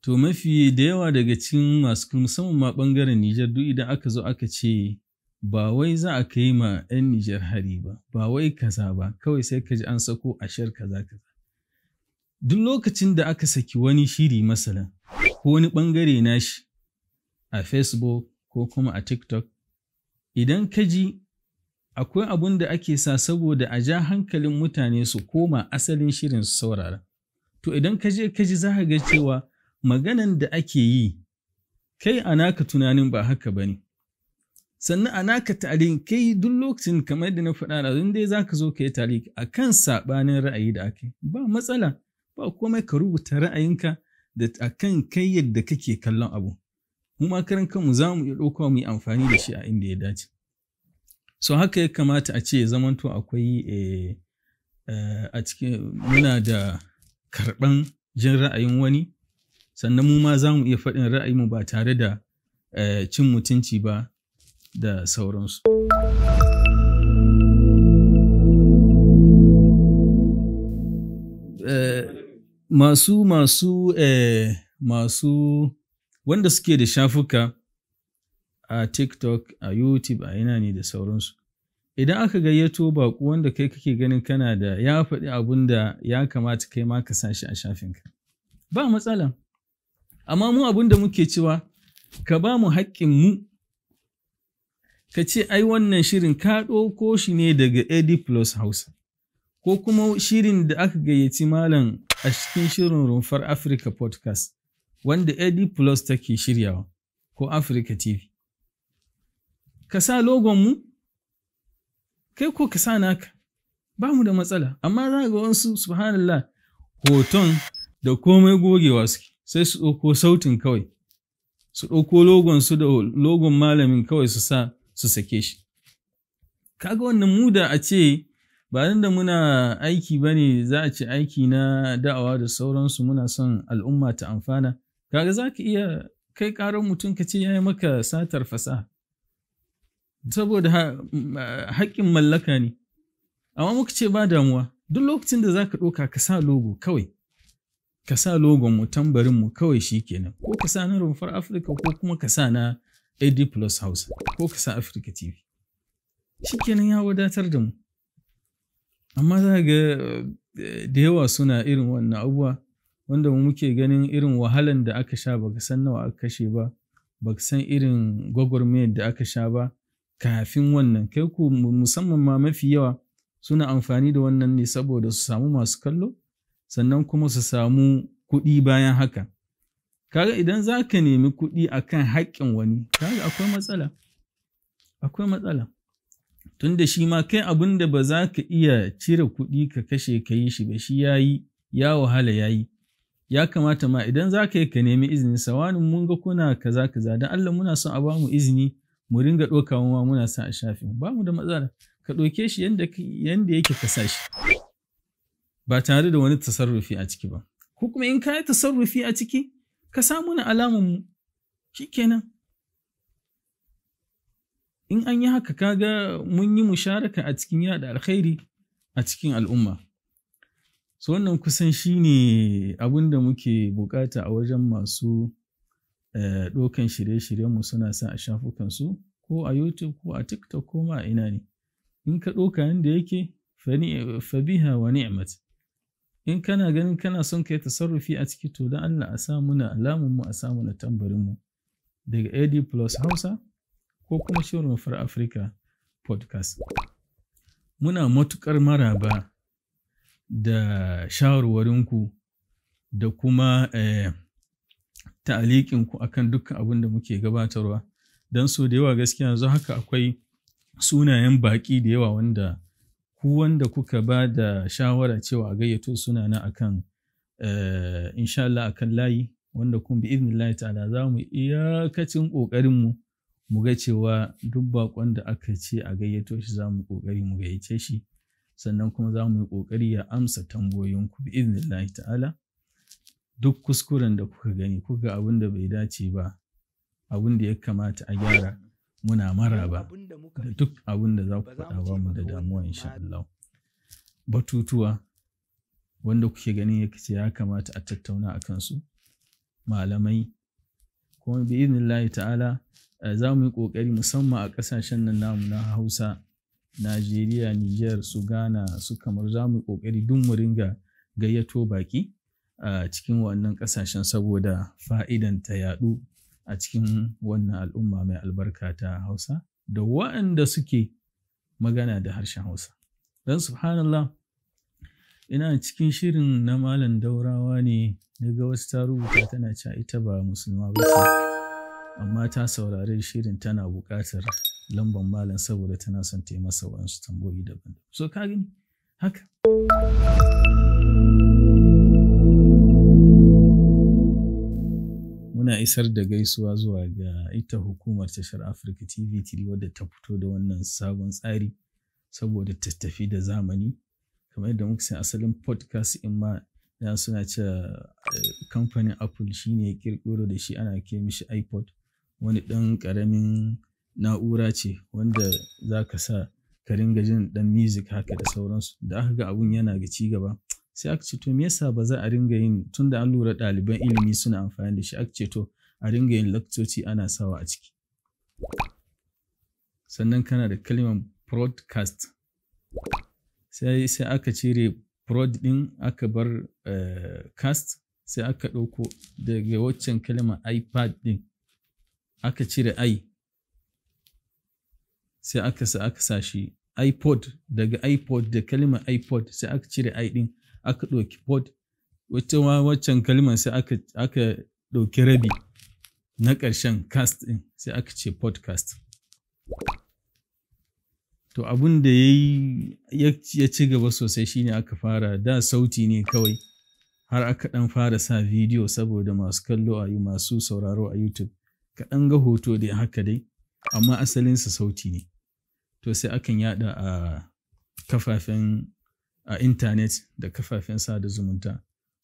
to mafi da yawa daga cikin masu musamman ma bangaren Nijar duk idan aka zo aka ce ba wai za a kai ma 'yan Nijar hari ba ba wai kaza ba kawai sai ka ji an sako a ashar kaza kaza Duk lokacin da aka saki wani shiri masala ko wani ɓangare nashi a Facebook ko kuma a TikTok, idan ka ji akwai abun da ake sa saboda a ja hankalin mutane su koma asalin shirin su saurara. To idan ka je ka ji za ka ga cewa maganan da ake yi, kai a naka tunanin ba haka ba ne. Sannan a naka talin kai duk lokacin kamar da na faɗa da dai za ka zo ka yi tali a kan saɓanin ra'ayi da aka yi. ba matsala. ba komai ka rubuta ra'ayinka da kan kai yadda kake kallon abu mu ma karan kanmu za mu iya ɗauka mu yi amfani da shi a inda ya dace so haka ya kamata a ce zamanto akwai eh, eh, a cikin muna da karɓan jin ra'ayin wani sannan mu ma za mu iya faɗin ra'ayinmu ba tare da eh, cin mutunci ba da sauransu. Uh, masu masu eh, masu wanda suke da shafuka a tiktok a youtube a yana ne da sauransu idan aka gayyato baƙo wanda kai kake ganin kana da ya faɗi abun da ya kamata kai ma ka sashi a shafinka ba matsala amma mu abun da muke cewa ka ba mu mu ka ce ai wannan shirin ka ɗauko shi ne daga ad plus hausa ko kuma shirin da aka gayyaci malam a cikin shirin rumfar Africa podcast wanda AD Plus take shiryawa ko Africa TV. Ka sa logonmu? Kai ko ka sa naka? Ba mu da matsala, amma za ga wasu subhanallah hoton da komai gogewa suke sai su ɗauko sautin kawai. su ɗauko logon su da logon malamin kawai su sa su sake shi. Kaga wannan muda a ce ba nan da muna aiki ba ne za a ci aiki na da'awa da sauransu muna son al'umma ta amfana kaga za ka iya kai karar mutum ka ce ya yi maka satar fasaha saboda mm, haƙƙin mallaka ne amma muka ce ba damuwa duk lokacin da za ka ɗauka ka sa logo kawai ka sa logon mu tambarin mu kawai shi kenan ko ka sa na rumfar afirka ko kuma ka sa na ad plus house ko ka sa afirka tv shi kenan ya wadatar da mu amma za ga eh, da yawa suna irin wannan abuwa wanda muke ganin irin wahalan da aka sha baka san nawa aka kashe ba baka san irin gwagwarmayar da aka sha ba kafin wannan kai ku musamman ma mafi yawa suna amfani da wannan ne saboda su samu masu kallo sannan kuma su samu kuɗi bayan haka kaga idan za ka nemi kuɗi akan haƙƙin wani kaga akwai matsala akwai matsala Tun da shi ma kai abin da ba za ka iya cire kuɗi ka kashe ka yi shi ba shi ya yi ya wahala ya yi ya kamata ma idan za ka yi ka nemi izini sawanin mun ga kuna kaza kaza Don Allah muna son a bamu izini mu ringa ɗoka ma muna sa a shafi. ba mu da matsala ka ɗauke shi yanda yake ka sa shi ba tare da wani tasarrufi a ciki ba ko kuma in ka yi tasarrufi a ciki ka samu na alaman mu shikenan in an yi haka kaga mun yi musharaka a cikin yada alkhairi a cikin al'umma so wannan kusan shine abin da muke bukata a wajen masu eh, ɗaukan shirye-shiryenmu suna sa a shafukansu ko a youtube ko a tiktok ko ma a ina ne in ka ɗauka yadda yake fabiha wa ni'mat in kana ganin kana son yi tasarrufi a ciki to don allah a sa muna alamun mu a sa muna tambarin mu daga ad plus hausa ko kuma Shirin Afirka podcast. Muna matuƙar maraba da shawarwarinku da kuma eh, ta'alikinku akan dukkan abin da muke gabatarwa. Don so da yawa gaskiya yanzu haka akwai sunayen baƙi da yawa wanda ku wanda kuka ba da shawara cewa a gayyato suna na akan eh, insha Allah akan layi wanda kun bi iznillahi ta'ala za mu iyakacin ƙoƙarinmu mu ga cewa duk bakon da aka ce a gayyato shi za mu ƙoƙari mu gayyace shi sannan kuma za mu yi ƙoƙari ya amsa tambayoyinku bi idnillahi ta'ala duk kuskuren da kuka gani kuka abin da bai dace ba abin da ya kamata a gyara muna mara ba, da duk abin da za ku faɗa ba mu da damuwa insha Allah batutuwa wanda kuke ganin ya ya kamata a tattauna a kansu malamai kuma bi idnillahi ta'ala Eh, za mu yi ƙoƙari musamman a ƙasashen nan namu na hausa najeriya niger su ghana su kamar za mu yi ƙoƙari duk mu ringa gayyato baki a cikin wannan ƙasashen saboda fa'idan ta yaɗu a cikin wannan al'umma mai albarka ta hausa da waɗanda suke magana da harshen hausa don subhanallah ina cikin shirin na malam daurawa ne na ga wasu ta rubuta tana a ita ba musulma ba amma ta saurari shirin tana buƙatar lambar malam saboda tana son ta yi masa waɗansu tamboyi daban so ka gani haka muna isar da gaisuwa zuwa ga ita hukumar tashar Afirka TV3 wadda ta fito da wannan sabon tsari saboda ta tafi da zamani. Kamar yadda muka san asalin podcast in ma da suna ce eh, kamfanin Apple shine ya kirkiro da shi ana ke mishi iPod. wani ɗan ƙaramin na'ura ce wanda za ka sa ka ringa jin ɗan music haka da sauransu da aka ga abun yana ga ci gaba sai aka ce to me yasa ba za a ringa yin tun da an lura ɗaliban ilimi suna amfani da shi aka ce to a ringa yin lakcoci ana sawa a ciki sannan kana da kalmar broadcast sai sai aka cire prod din aka bar eh, cast sai aka ɗauko daga waccan kalmar ipad din aka cire i sai aka sa aka sa shi ipod daga ipod da kalimar ipod sai aka cire i din aka ɗauki pod waccan kalmar sai aka aka ɗauki rabi na ƙarshen cast ɗin sai aka ce podcast to abun da ya ya ci gaba sosai shine aka fara da sauti ne kawai har aka ɗan fara sa bidiyo saboda masu kallo a masu sauraro a youtube kaɗan ga hoto dai haka dai amma asalinsa sauti ne to sai akan yada a kafafen a intanet da kafafen sada zumunta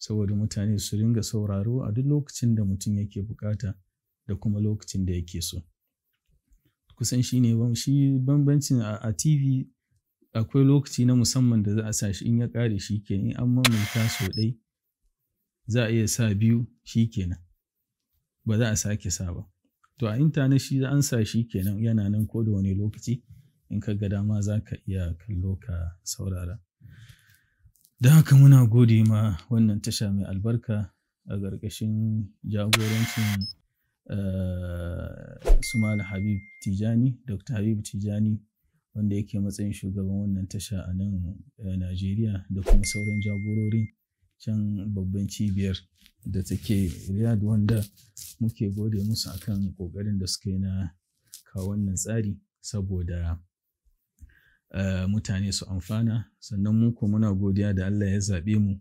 saboda mutane su ringa sauraro a duk lokacin da mutum yake bukata da kuma lokacin da yake so kusan shi ne shi bambancin a tv akwai lokaci na musamman da za a sa shi in ya kare shi ke in an mamanta so ɗai za a iya sa biyu shi kenan ba za a sake sa ba to a intanet shi an sa shi kenan yana nan ko da wani lokaci in ka ga dama za ka iya kallo ka saurara da haka muna gode ma wannan tasha mai albarka a ƙarƙashin jagorancin eh, sumal habib tijani dr habib tijani wanda yake matsayin shugaban wannan tasha a nan eh, najeriya da kuma sauran jagororin can babban cibiyar da take riyad wanda muke gode musu akan kokarin da suka yi na kawo wannan tsari saboda eh, mutane su amfana sannan mu ko muna godiya da Allah ya zaɓe mu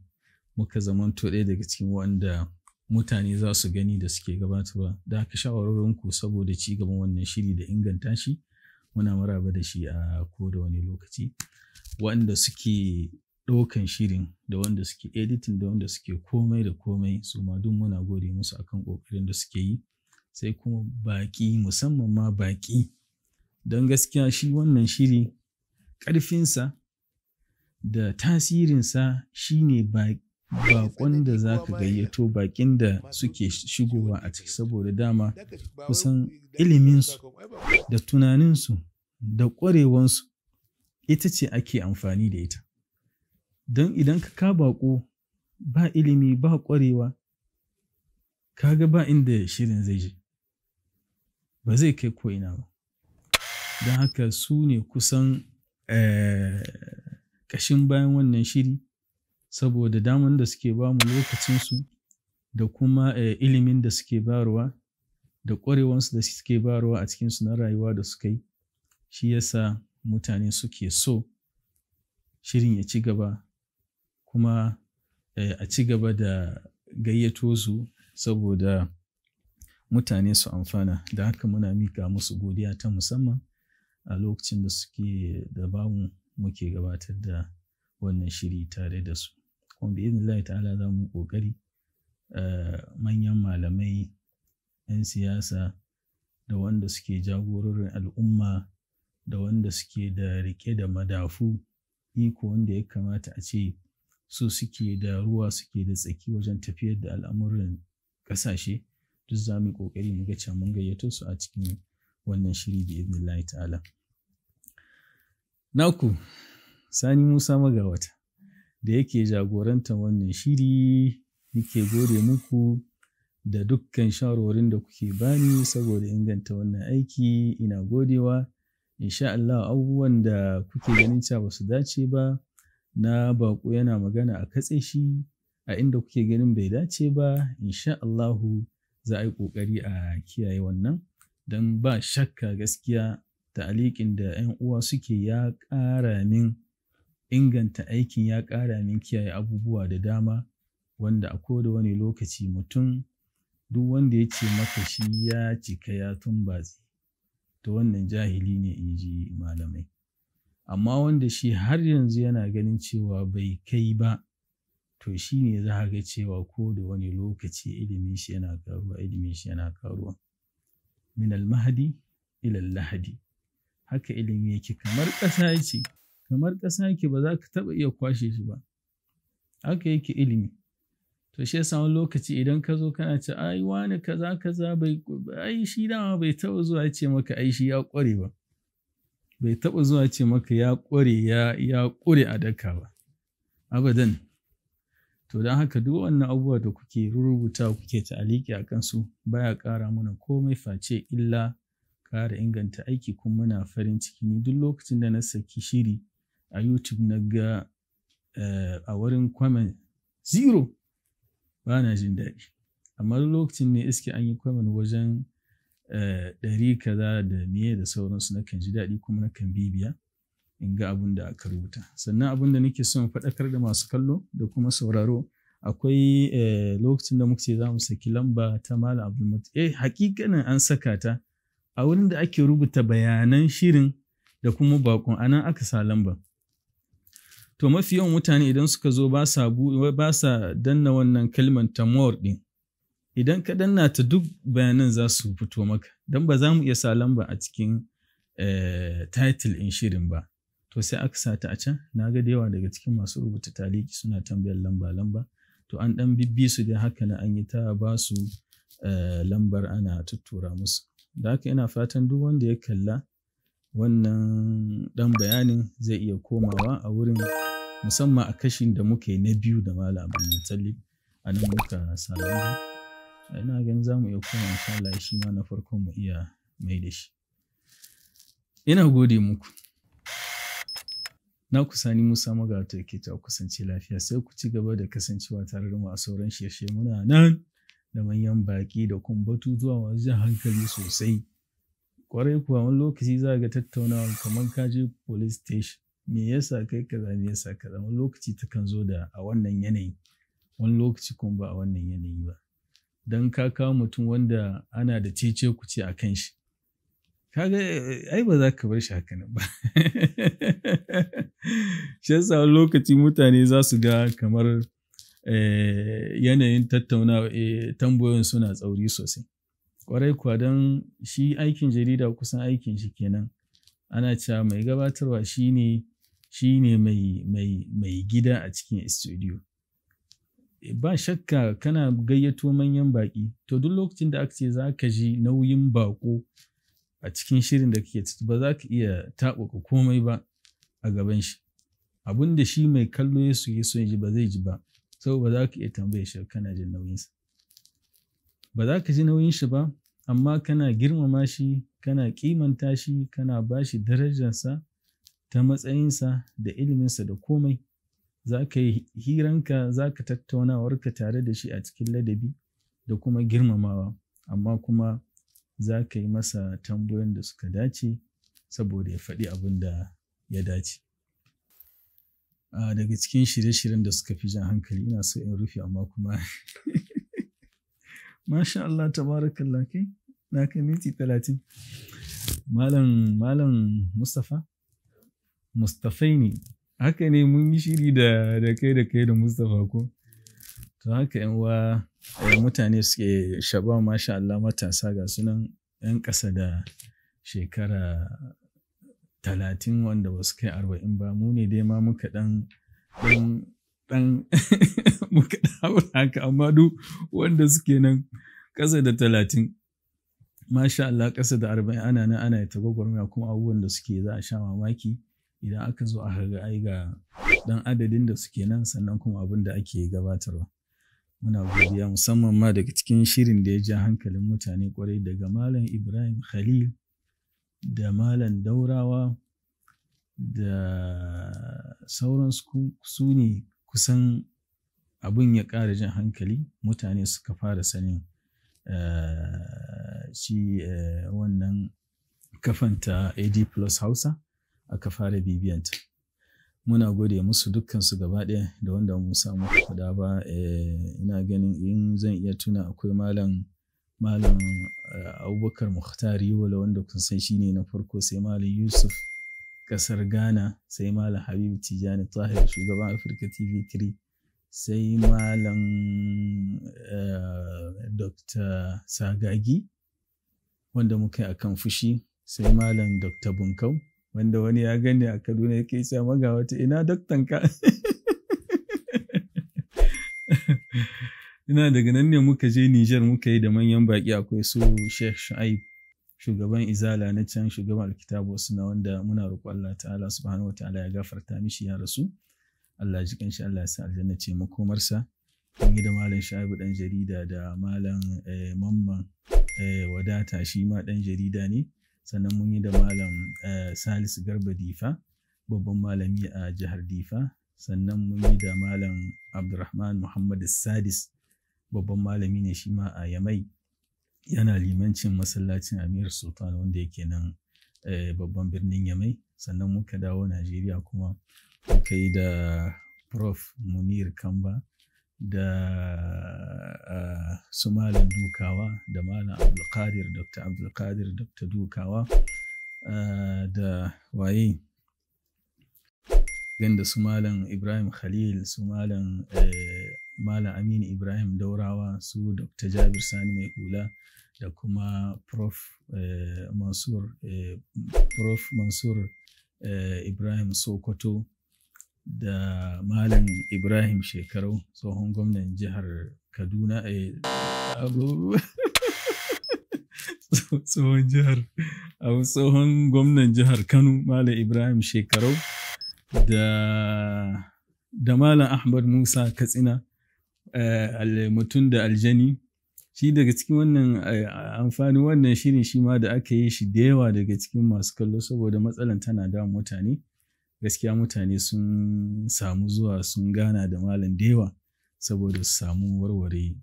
muka zamanto ɗaya daga cikin wanda mutane za su gani da suke gabatarwa da haka ku saboda ci gaban wannan shiri da inganta shi muna maraba da shi a koda wani lokaci wanda suke ɗaukan shirin da wanda suke editing da wanda suke komai da komai su ma duk muna gode musu akan ƙoƙarin da suke yi sai kuma baƙi musamman ma baƙi don gaskiya shi wannan shiri ƙarfinsa da tasirinsa shine baƙon da za ka gayyato baƙin da suke shigowa a ciki saboda dama kusan iliminsu da tunaninsu da ƙwarewansu ita ce ake amfani da ita don idan ka ka baƙo ba ilimi ba ƙwarewa ga ba inda shirin zai je ba zai kai ina ba don haka su ne kusan eh, ƙashin bayan wannan shiri saboda damar da suke ba mu lokacinsu da kuma eh, ilimin da suke barwa da ƙwarewansu da suke barwa a cikinsu na rayuwa da suka yi shi yasa mutane suke so shirin ya ci gaba kuma eh, a ci gaba da gayyato su saboda mutane su amfana da haka muna mika musu godiya ta musamman a lokacin da suke da bamu muke gabatar da wannan shiri tare da su kuma bi ta'ala za mu kokari eh, manyan malamai 'yan siyasa da wanda suke jagororin al'umma da wanda suke da rike da madafu iko wanda ya kamata a ce su suke da ruwa suke da tsaki wajen tafiyar da al'amuran ƙasashe duk za mu yi ƙoƙari mu ga mun gayyato su a cikin wannan shiri da iznillahi ta'ala. Naku Sani Musa Magawata da yake jagorantar wannan shiri yake gode muku da dukkan shawarwarin da kuke bani saboda inganta wannan aiki ina godewa insha Allah abubuwan da kuke ganin cewa ba su dace ba na baƙo yana magana a katse shi a inda kuke ganin bai dace ba insha Allahu za a yi ƙoƙari a kiyaye wannan don ba shakka gaskiya ta'aliƙin da 'yan uwa suke ya ƙara min inganta aikin ya ƙara min kiyaye abubuwa da dama wanda a da wani lokaci mutum duk wanda ya ce maka shi ya cika ya tumbatse ta wannan jahili ne in ji malamai amma wanda shi har yanzu yana ganin cewa bai kai ba to shi ne za ga cewa ko da wani lokaci ilimin shi yana karuwa ilimin shi yana karuwa min almahadi ila lahadi haka ilimi yake kamar ƙasa yake kamar ƙasa yake ba za ka taɓa iya kwashe shi ba haka yake ilimi to shi yasa wani lokaci idan ka zo kana ce ai wani kaza kaza bai ai shi dama bai taɓa zuwa ya ce maka ai shi ya ƙware ba bai taɓa zuwa ce maka ya ƙware ya ya ƙure a daka ba abadan to don haka duk wannan abubuwa da kuke rubuta kuke ta'aliki a kansu baya ƙara mana komai face illa ƙara inganta aiki kuma muna farin ciki ni duk lokacin da na saki shiri a youtube na ga eh, a wurin kwamen zero ba na jin daɗi amma lokacin ne iske an yi kwamen wajen Eh, ɗari kaza da miye da sauransu na kan ji daɗi kuma na kan bibiya in ga abin da aka rubuta sannan abin da nake son faɗakar da masu kallo da kuma sauraro akwai eh, lokacin da muke ce za mu saki lamba ta malam abdulmut eh hakikanin an saka ta a wurin da ake rubuta bayanan shirin da kuma bakon anan aka sa lamba to mafi yawan mutane idan suka zo ba sa danna wannan kalmar tamor ɗin. idan ka danna ta duk bayanan za su fito maka don ba za mu iya sa lamba a cikin eh, title in shirin ba to sai aka sa ta a can na ga da yawa daga cikin masu rubuta taliki suna tambayar lamba lamba to an dan bibbi su dai haka na an yi ta ba su eh, lambar ana tuttura musu da haka ina fatan duk wanda ya kalla wannan dan bayanin zai iya komawa a wurin musamman a kashin da muka yi na biyu da malamin mutalli a nan muka samu. Eh, ina ganin za mu iya koma insha Allah shi ma na farkon mu iya mai da shi ina gode muku na kusani Musa magato ke ta kusance lafiya sai ku ci gaba da kasancewa tare da mu a sauran shirshe muna nan da manyan baki da kun batutuwa masu jan hankali sosai kwarai kuwa wani lokaci za ga tattaunawa kamar ka je police station me yasa kai kaza me yasa kaza wani lokaci takan zo da a wannan yanayi wani lokaci kuma ba a wannan yanayi ba don ka kawo mutum wanda ana da cece kuce a kan shi kaga ai ba za ka bar shi haka ba shi yasa lokaci mutane za su ga kamar eh, yanayin tattauna eh, tambayoyin suna tsauri sosai kwarai kuwa don shi aikin jarida kusan aikin shi kenan ana cewa mai gabatarwa shi ne mai gida a cikin studio ba shakka kana gayyato manyan baƙi to duk lokacin da aka ce za ka ji nauyin baƙo a cikin shirin da kake ba za ka iya taɓuka komai ba a gaban shi abin da shi mai kallo ya so ya ji ba zai ji ba saboda ba za ka iya tambaya shi kana jin nauyinsa ba za ka ji nauyin shi ba amma kana girmama shi kana kimanta shi kana bashi shi darajarsa ta matsayinsa da iliminsa da komai za ka yi hiranka za ka tattaunawarka tare da shi a cikin ladabi da kuma girmamawa amma kuma za ka yi masa tambayoyin da suka dace saboda ya faɗi abin da ya dace daga cikin shirye-shiryen da suka fi jan hankali ina so in rufe amma kuma masha Allah tabarakallah kai na kai minti talatin malam malam mustafa ne haka ne mun yi shiri da da kai da kai da Mustapha ko to haka yan wa eh, mutane suke shaba masha Allah matasa ga sunan yan ƙasa da shekara talatin wanda ba su kai arba'in ba mu ne dai ma muka dan dan muka haura haka amma duk wanda suke nan ƙasa da talatin masha Allah ƙasa da arba'in ana nan ana ta gwagwarmaya kuma abubuwan da suke za a sha mamaki idan aka zo aka ga ai ga dan adadin da suke nan sannan kuma abin da ake gabatarwa muna godiya musamman ma daga cikin shirin da ya ja hankalin mutane kwarai daga malam ibrahim khalil da malam daurawa da sauran su ne kusan abin ya ƙara jan hankali mutane suka fara sanin eh, shi eh, wannan kafanta ad plus hausa aka fara bibiyanta muna gode musu dukkansu gaba ɗaya da wanda mu samu kuɗa ba eh, ina ganin in zan iya tuna akwai malam malam eh, abubakar muhtar yiwala wanda kun san ne na farko sai malam yusuf kasar ghana sai malam habibu tijani tahir shugaban afirka tv 3 sai malam eh, dr sagagi wanda muka yi akan fushi sai malam dr bunkau wanda wani ya gani a kaduna yake cewa maga wata ina ka ina daga nan ne muka je Nijar muka yi da manyan baki akwai su Sheikh Shu'aib shugaban izala na can shugaban alkitabu wasu na wanda muna roƙo Allah ta'ala subhanahu wataala ya gafarta mishi ya rasu Allah ji kanshi Allah ya sa aljanna ce makomarsa an yi da malam Shu'aibu dan jarida da malam eh, Mamman eh, wadata shi ma dan jarida ne sannan mun yi da malam eh, salisu garba difa babban malami a jihar difa sannan mun yi da malam abdulrahman muhammad sadis babban malami ne shi ma a yamai yana limancin masallacin amir sultan wanda yake nan eh, babban birnin yamai sannan muka dawo najeriya kuma muka da prof munir kamba da uh, su malam dukawa da malam abdulkadir dr abdulkadir dr dukawa uh, da waye ganda su malam ibrahim khalil su malam eh, malam aminu ibrahim daurawa su dr jabir sani mai hula da kuma prof mansur prof mansur ibrahim sokoto da Malam Ibrahim Shekarau tsohon gwamnan jihar Kaduna eh, a tsohon tsohon gwamnan jihar Kano Malam Ibrahim Shekarau da da Malam Ahmad Musa Katsina eh, mutum da aljani shi daga cikin wannan eh, amfani wannan shirin shi ma da aka yi shi da yawa daga cikin masu kallo saboda matsalan tana da mutane. gaskiya mutane sun samu zuwa sun gana da malam da saboda su samu warware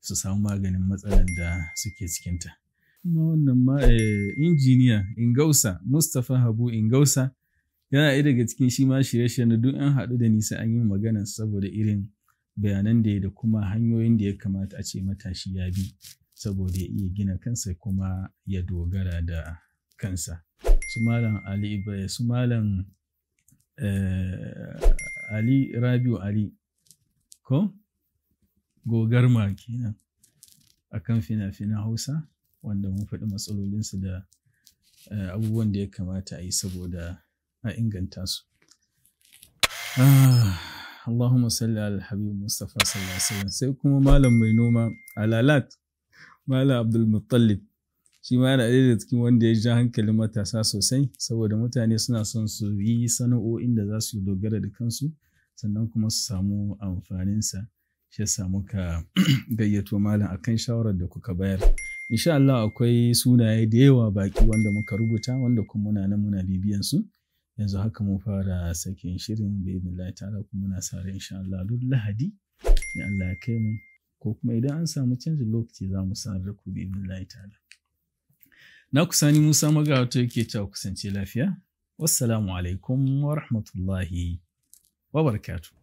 su samu maganin matsalar da suke cikinta. Kuma wannan ma eh, injiniya Ingausa, Mustapha Habu Ingausa, yana ɗaya daga cikin shi ma shirye na da duk an haɗu da nisa an yi magana saboda irin bayanan da ya da kuma hanyoyin da ya kamata a ce matashi ya bi saboda ya iya gina kansa kuma ya dogara da kansa. Su Malam Ali Ibrahim, su Malam Eh, Ali Rabiu Ali ko gogarma kenan akan fina-finan Hausa wanda mun faɗi matsalolinsu da eh, abubuwan da ya kamata a yi saboda a inganta su. Ah, Allahumma salli ala Habib Mustapha sallallahu alaihi sai kuma malam mai noma alalat Malam Abdul Muttalib shi ma yana ɗaya daga cikin wanda ya ja hankalin matasa sosai saboda mutane suna son su yi sana'o'in da za su dogara da kansu sannan kuma su samu amfaninsa shi yasa muka gayyato malam akan shawarar da kuka bayar insha Allah akwai sunaye da yawa baki wanda muka rubuta wanda kuma muna nan muna bibiyan su yanzu haka mun fara sakin shirin da Allah ta'ala kuma muna sa ran insha Allah duk lahadi ya Allah ya kai mu ko kuma idan an samu canjin lokaci za mu sanar da ku bi ta'ala Na kusani Musa Magawato yake cewa kusance lafiya. Wassalamu alaikum wa rahmatullahi wa barakatu.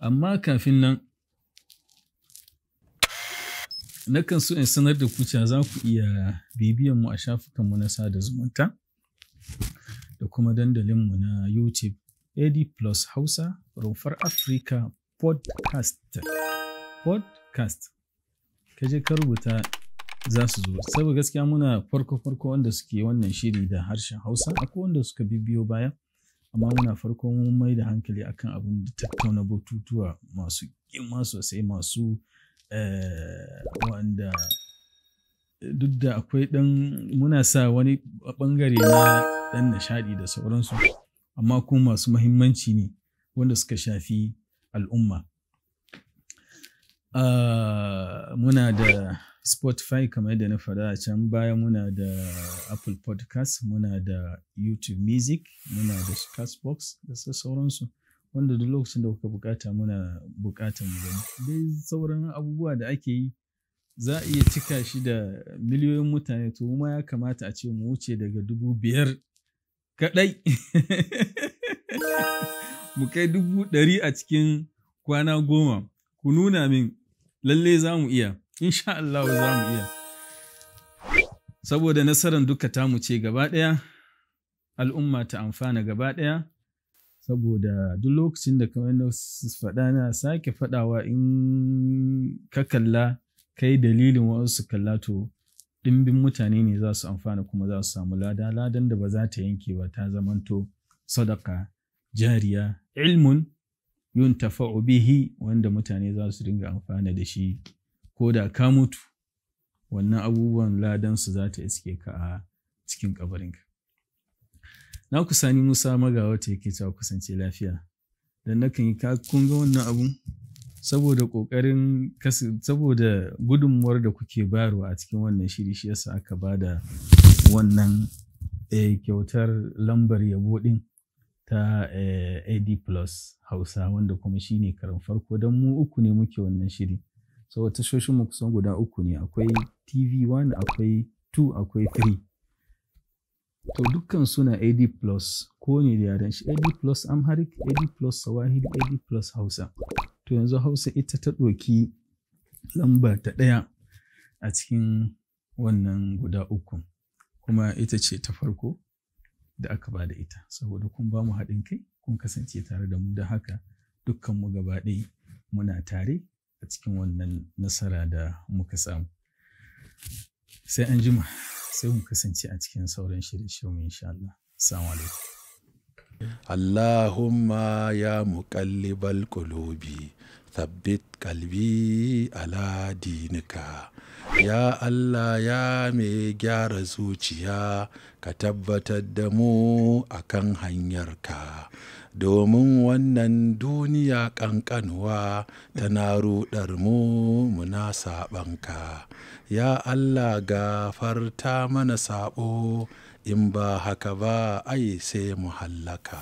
Amma kafin nan, nakan so in sanar da ku cewa za ku iya bibiyan mu a shafukanmu na sada zumunta da kuma dandalinmu na YouTube AD Plus Hausa rufar Africa Podcast. Podcast. Kaje ka rubuta za su zo saboda gaskiya muna farko farko wanda suke wannan shiri da harshen hausa akwai wanda suka bibiyo baya amma muna farko mun mai da hankali akan abin da tattauna batutuwa masu girma sosai masu eh, wanda duk da akwai dan muna sa wani bangare na dan nishadi da sauransu amma kuma masu mahimmanci ne wanda suka shafi al'umma ah, muna da Spotify kamar yadda na faɗa a can baya muna da Apple podcast, muna da YouTube music, muna da Castbox da sauransu. Wanda duk lokacin da kuka bukata muna bukata mu gani. Dai sauran abubuwa da ake yi za a iya cika shi da miliyoyin mutane to ma ya kamata a ce mu wuce daga dubu biyar kaɗai. mu kai dubu ɗari a cikin kwana goma. Ku nuna min lalle za mu iya. Insha Allah za mu iya. Saboda nasarar duka tamu ce gaba ɗaya, al'umma ta amfana gaba ɗaya, saboda duk lokacin da kamar na faɗa na sake faɗawa in ka kalla kai dalilin wasu kalla to ɗimbin mutane ne za su amfana kuma za su samu lada ladan da ba za ta yanke ba ta zamanto sadaka jariya ilmun yun tafa'u bihi wanda mutane za su dinga amfana da shi ko da ka mutu wannan abubuwan ladansu za ta iske ka a cikin kabarinka na kusani musa magawa ta yake cewa kusance lafiya don nakan yi ka kun wannan abun saboda kokarin saboda gudunmuwar da kuke bayarwa a cikin wannan shiri shi yasa aka ba da wannan eh, kyautar lambar yabo din ta eh, ad plus hausa wanda kuma shi ne karin farko don mu uku ne muke wannan shiri so tashoshin mu kusan guda uku ne akwai tv1 akwai 2 akwai 3 to dukkan suna ad plus ko ne da yaren shi ad plus amharic ad plus sawahili ad plus hausa to yanzu hausa ita ta ɗoki lamba ta ɗaya a cikin wannan guda uku kuma ita ce ta farko da aka ba da ita saboda kun ba mu haɗin kai kun kasance tare da mu da haka dukkanmu gaba ɗaya muna tare a cikin wannan nasara da muka samu sai an jima sai mu kasance a cikin sauran shirye-shiryen insha Allah assalamu alaikum Allahumma ya muqallibal qulubi thabbit kalbi ala dinika ya Allah ya mai gyara zuciya ka tabbatar da mu a kan hanyarka domin wannan duniya ƙanƙanuwa tana ruɗar mu muna saɓanka ya Allah gafarta mana saɓo in ba haka ba ai sai mu hallaka